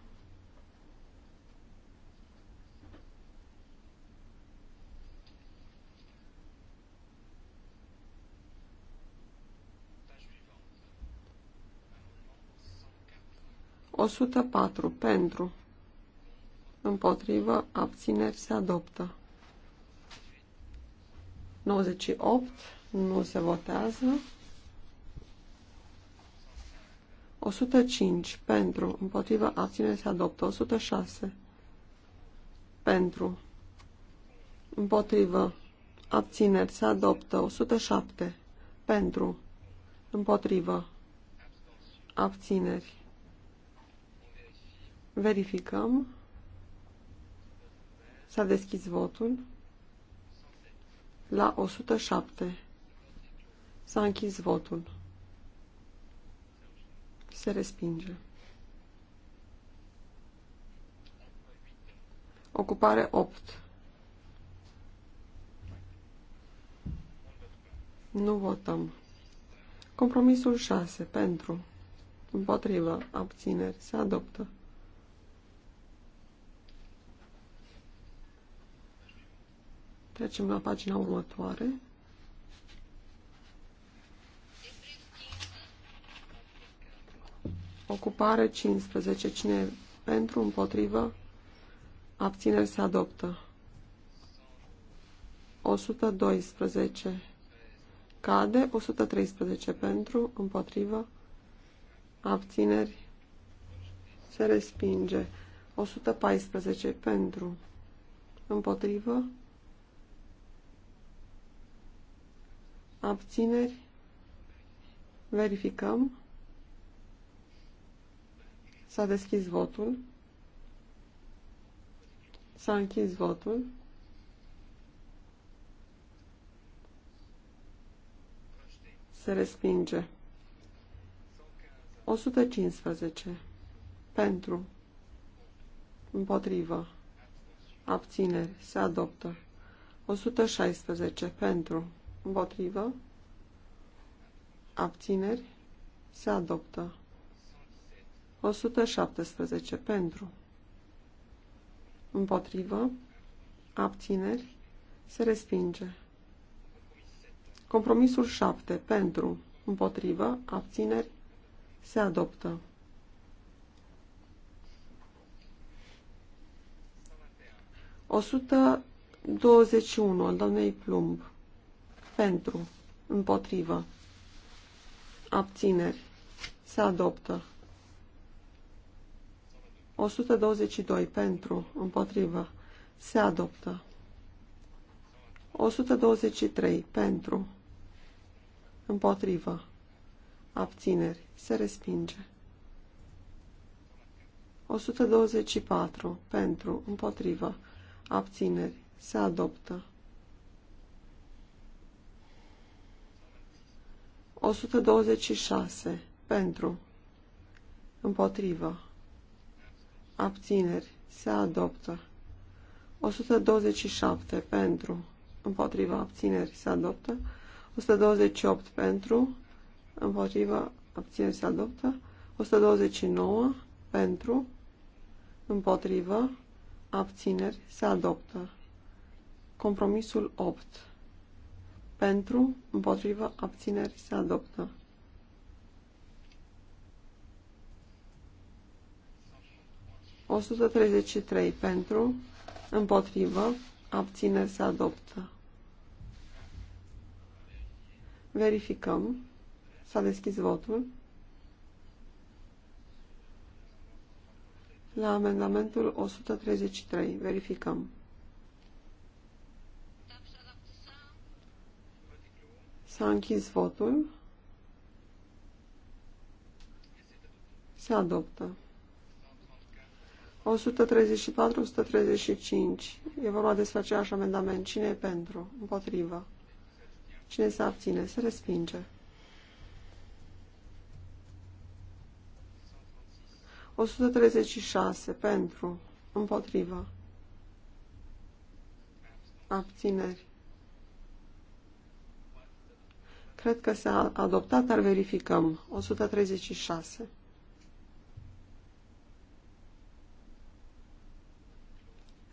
O sută patru pentru împotrivă abțineri se adoptă 98 nu se votează 105 pentru, împotrivă, abține se adoptă. 106 pentru, împotrivă, abțineri se adoptă. 107 pentru, împotrivă, abțineri. Verificăm. S-a deschis votul la 107. S-a închis votul. Se respinge. Ocupare 8. Nu votăm. Compromisul 6. Pentru. Împotrivă. Abțineri. Se adoptă. Trecem la pagina următoare. Ocupare 15. Cine pentru, împotrivă, abțineri se adoptă. 112. Cade 113 pentru, împotrivă, abțineri se respinge. 114 pentru, împotrivă, abțineri, verificăm. S-a deschis votul. S-a închis votul. Se respinge. 115. Pentru. Împotrivă. Abțineri. Se adoptă. 116. Pentru. Împotrivă. Abțineri. Se adoptă. 117 pentru. Împotrivă. Abțineri. Se respinge. Compromisul 7 pentru. Împotrivă. Abțineri. Se adoptă. O 121 al doamnei Plumb. Pentru. Împotrivă. Abțineri. Se adoptă. 122 pentru, împotrivă, se adoptă. 123 pentru, împotrivă, abțineri, se respinge. 124 pentru, împotrivă, abțineri, se adoptă. 126 pentru, împotrivă, abțineri, se adoptă. 127 pentru, împotriva abțineri, se adoptă. 128 pentru, împotriva abțineri, se adoptă. 129 pentru, împotriva abțineri, se adoptă. Compromisul 8 pentru, împotriva abțineri, se adoptă. 133 pentru, împotrivă, abțineri se adoptă. Verificăm. S-a deschis votul. La amendamentul 133. Verificăm. S-a închis votul. Se adoptă. 134-135. E vorba despre același amendament. Cine e pentru? Împotrivă. Cine se abține? Se respinge. 136. Pentru. Împotrivă. Abțineri. Cred că s-a adoptat, dar verificăm. 136.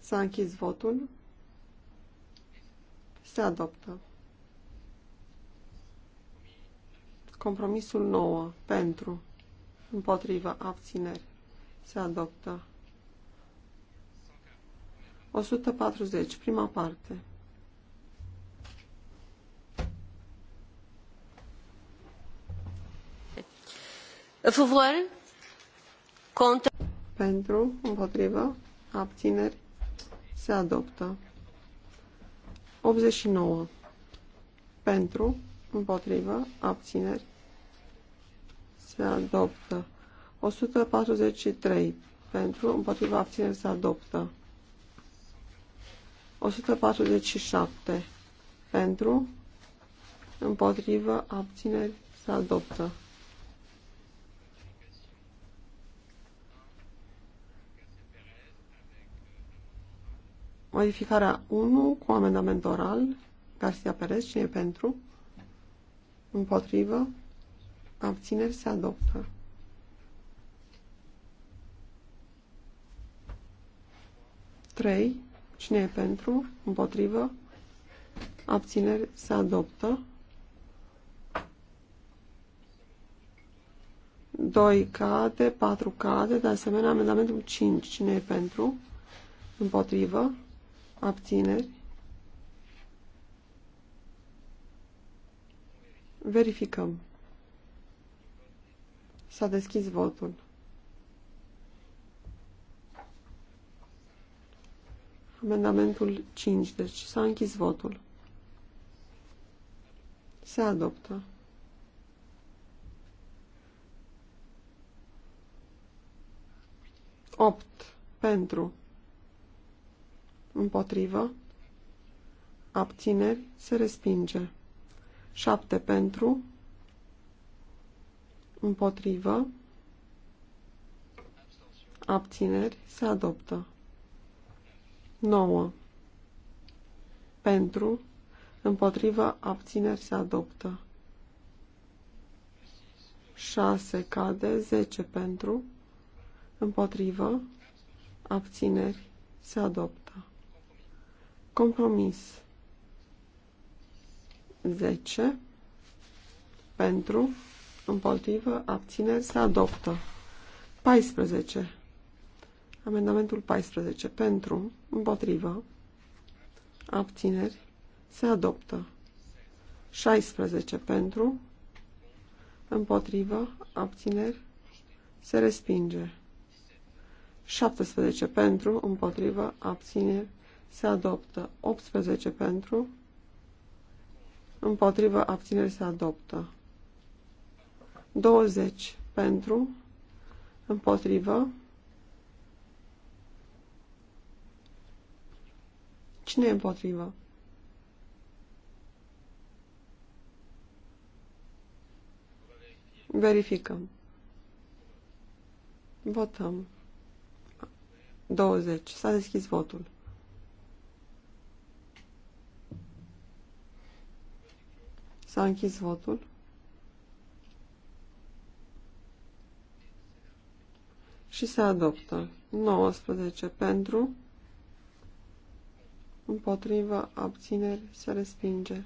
S-a închis votul. Se adoptă. Compromisul 9. Pentru. Împotriva. Abțineri. Se adoptă. 140. Prima parte. Favor. Contra. Pentru. Împotriva. Abțineri se adoptă. 89. Pentru, împotrivă, abțineri, se adoptă. 143. Pentru, împotrivă, abțineri, se adoptă. 147. Pentru, împotrivă, abțineri, se adoptă. Modificarea 1 cu amendament oral. Garcia Perez, cine e pentru? Împotrivă. Abțineri se adoptă. Trei. Cine e pentru? Împotrivă. Abțineri se adoptă. 2 cade, 4 cade, de asemenea amendamentul 5. Cine e pentru? Împotrivă? abțineri. Verificăm. S-a deschis votul. Amendamentul 5, deci s-a închis votul. Se adoptă. Opt pentru împotrivă, abțineri, se respinge. 7 pentru, împotrivă, abțineri, se adoptă. 9 pentru, împotrivă, abțineri, se adoptă. 6 cade, 10 pentru, împotrivă, abțineri, se adoptă. Compromis 10 pentru, împotrivă, abțineri se adoptă. 14. Amendamentul 14 pentru, împotrivă, abțineri se adoptă. 16 pentru, împotrivă, abțineri se respinge. 17 pentru, împotrivă, abțineri se adoptă. 18 pentru, împotrivă, abțineri, se adoptă. 20 pentru, împotrivă. Cine e împotrivă? Verificăm. Votăm. 20. S-a deschis votul. S-a închis votul. Și se adoptă. 19 pentru, împotrivă, abțineri, se respinge.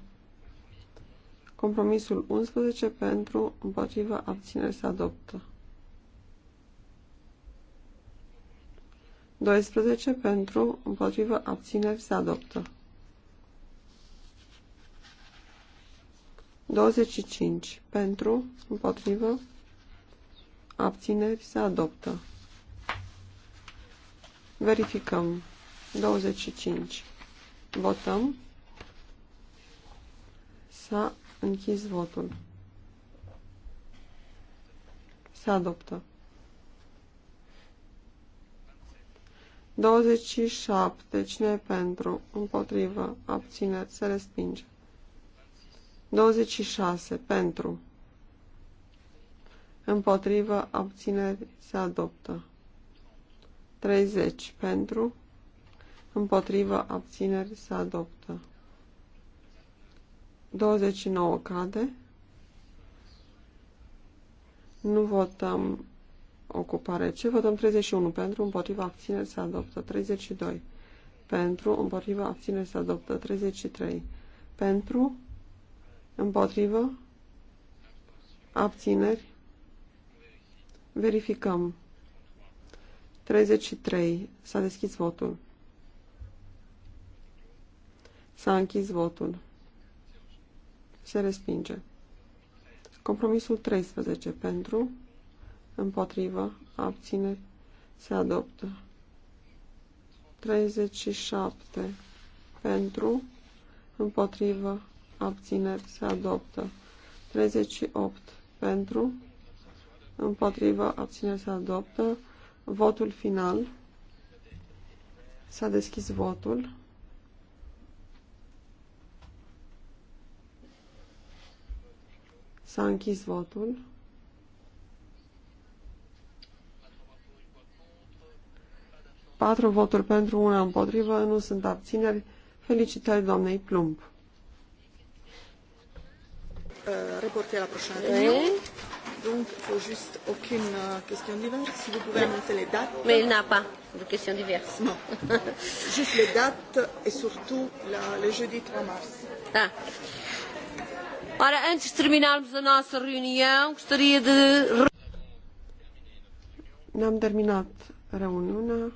Compromisul 11 pentru, împotrivă, abțineri, se adoptă. 12 pentru, împotrivă, abțineri, se adoptă. 25 pentru, împotrivă, abțineri, se adoptă. Verificăm. 25. Votăm. S-a închis votul. Se adoptă. 27. Cine pentru? Împotrivă. Abțineri. Se respinge. 26. Pentru. Împotrivă, abțineri, se adoptă. 30. Pentru. Împotrivă, abțineri, se adoptă. 29 cade. Nu votăm ocupare Ce Votăm 31 pentru, Împotrivă, abțineri se adoptă. 32 pentru, Împotrivă, abțineri se adoptă. 33 pentru, Împotrivă? Abțineri? Verificăm. 33. S-a deschis votul. S-a închis votul. Se respinge. Compromisul 13 pentru, împotrivă, abțineri, se adoptă. 37 pentru, împotrivă, abțineri se adoptă. 38 pentru, împotrivă, abțineri se adoptă. Votul final. S-a deschis votul. S-a închis votul. Patru voturi pentru, una împotrivă, nu sunt abțineri. Felicitări doamnei Plumb euh, reporter à la prochaine réunion. Oui. Donc, il ne faut juste aucune euh, question diverse. Si vous pouvez annoncer les dates. Mais il n'a pas de questions diverses. Non. (laughs) juste les dates et surtout la, le jeudi 3 mars. Tá. Ah. Ora, antes de terminarmos a nossa reunião, gostaria de. N-am terminat reuniunea.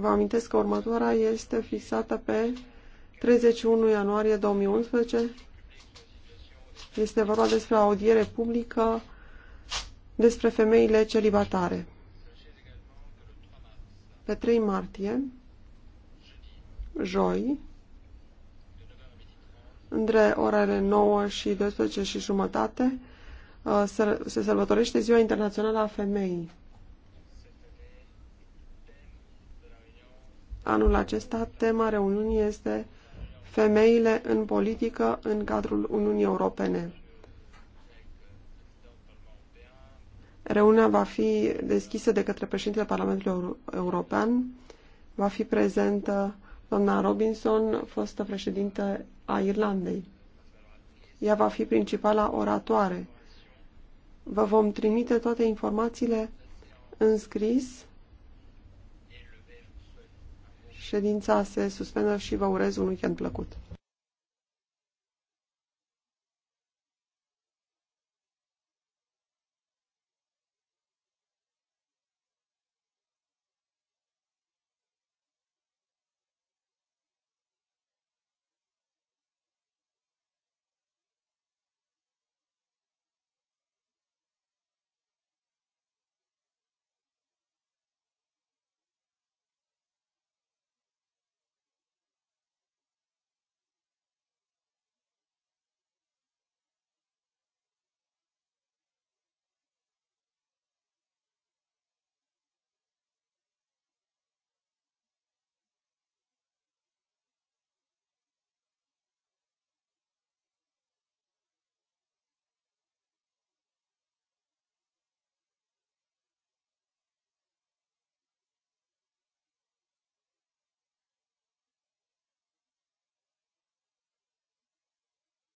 Vă amintesc că următoarea este fixată pe 31 ianuarie 2011. Este vorba despre audiere publică despre femeile celibatare. Pe 3 martie, joi, între orele 9 și 12 și jumătate, uh, se sărbătorește Ziua Internațională a Femeii. Anul acesta, tema reuniunii este Femeile în politică în cadrul Uniunii Europene. Reuniunea va fi deschisă de către președintele Parlamentului European. Va fi prezentă doamna Robinson, fostă președintă a Irlandei. Ea va fi principala oratoare. Vă vom trimite toate informațiile în scris Ședința se suspendă și vă urez un weekend plăcut.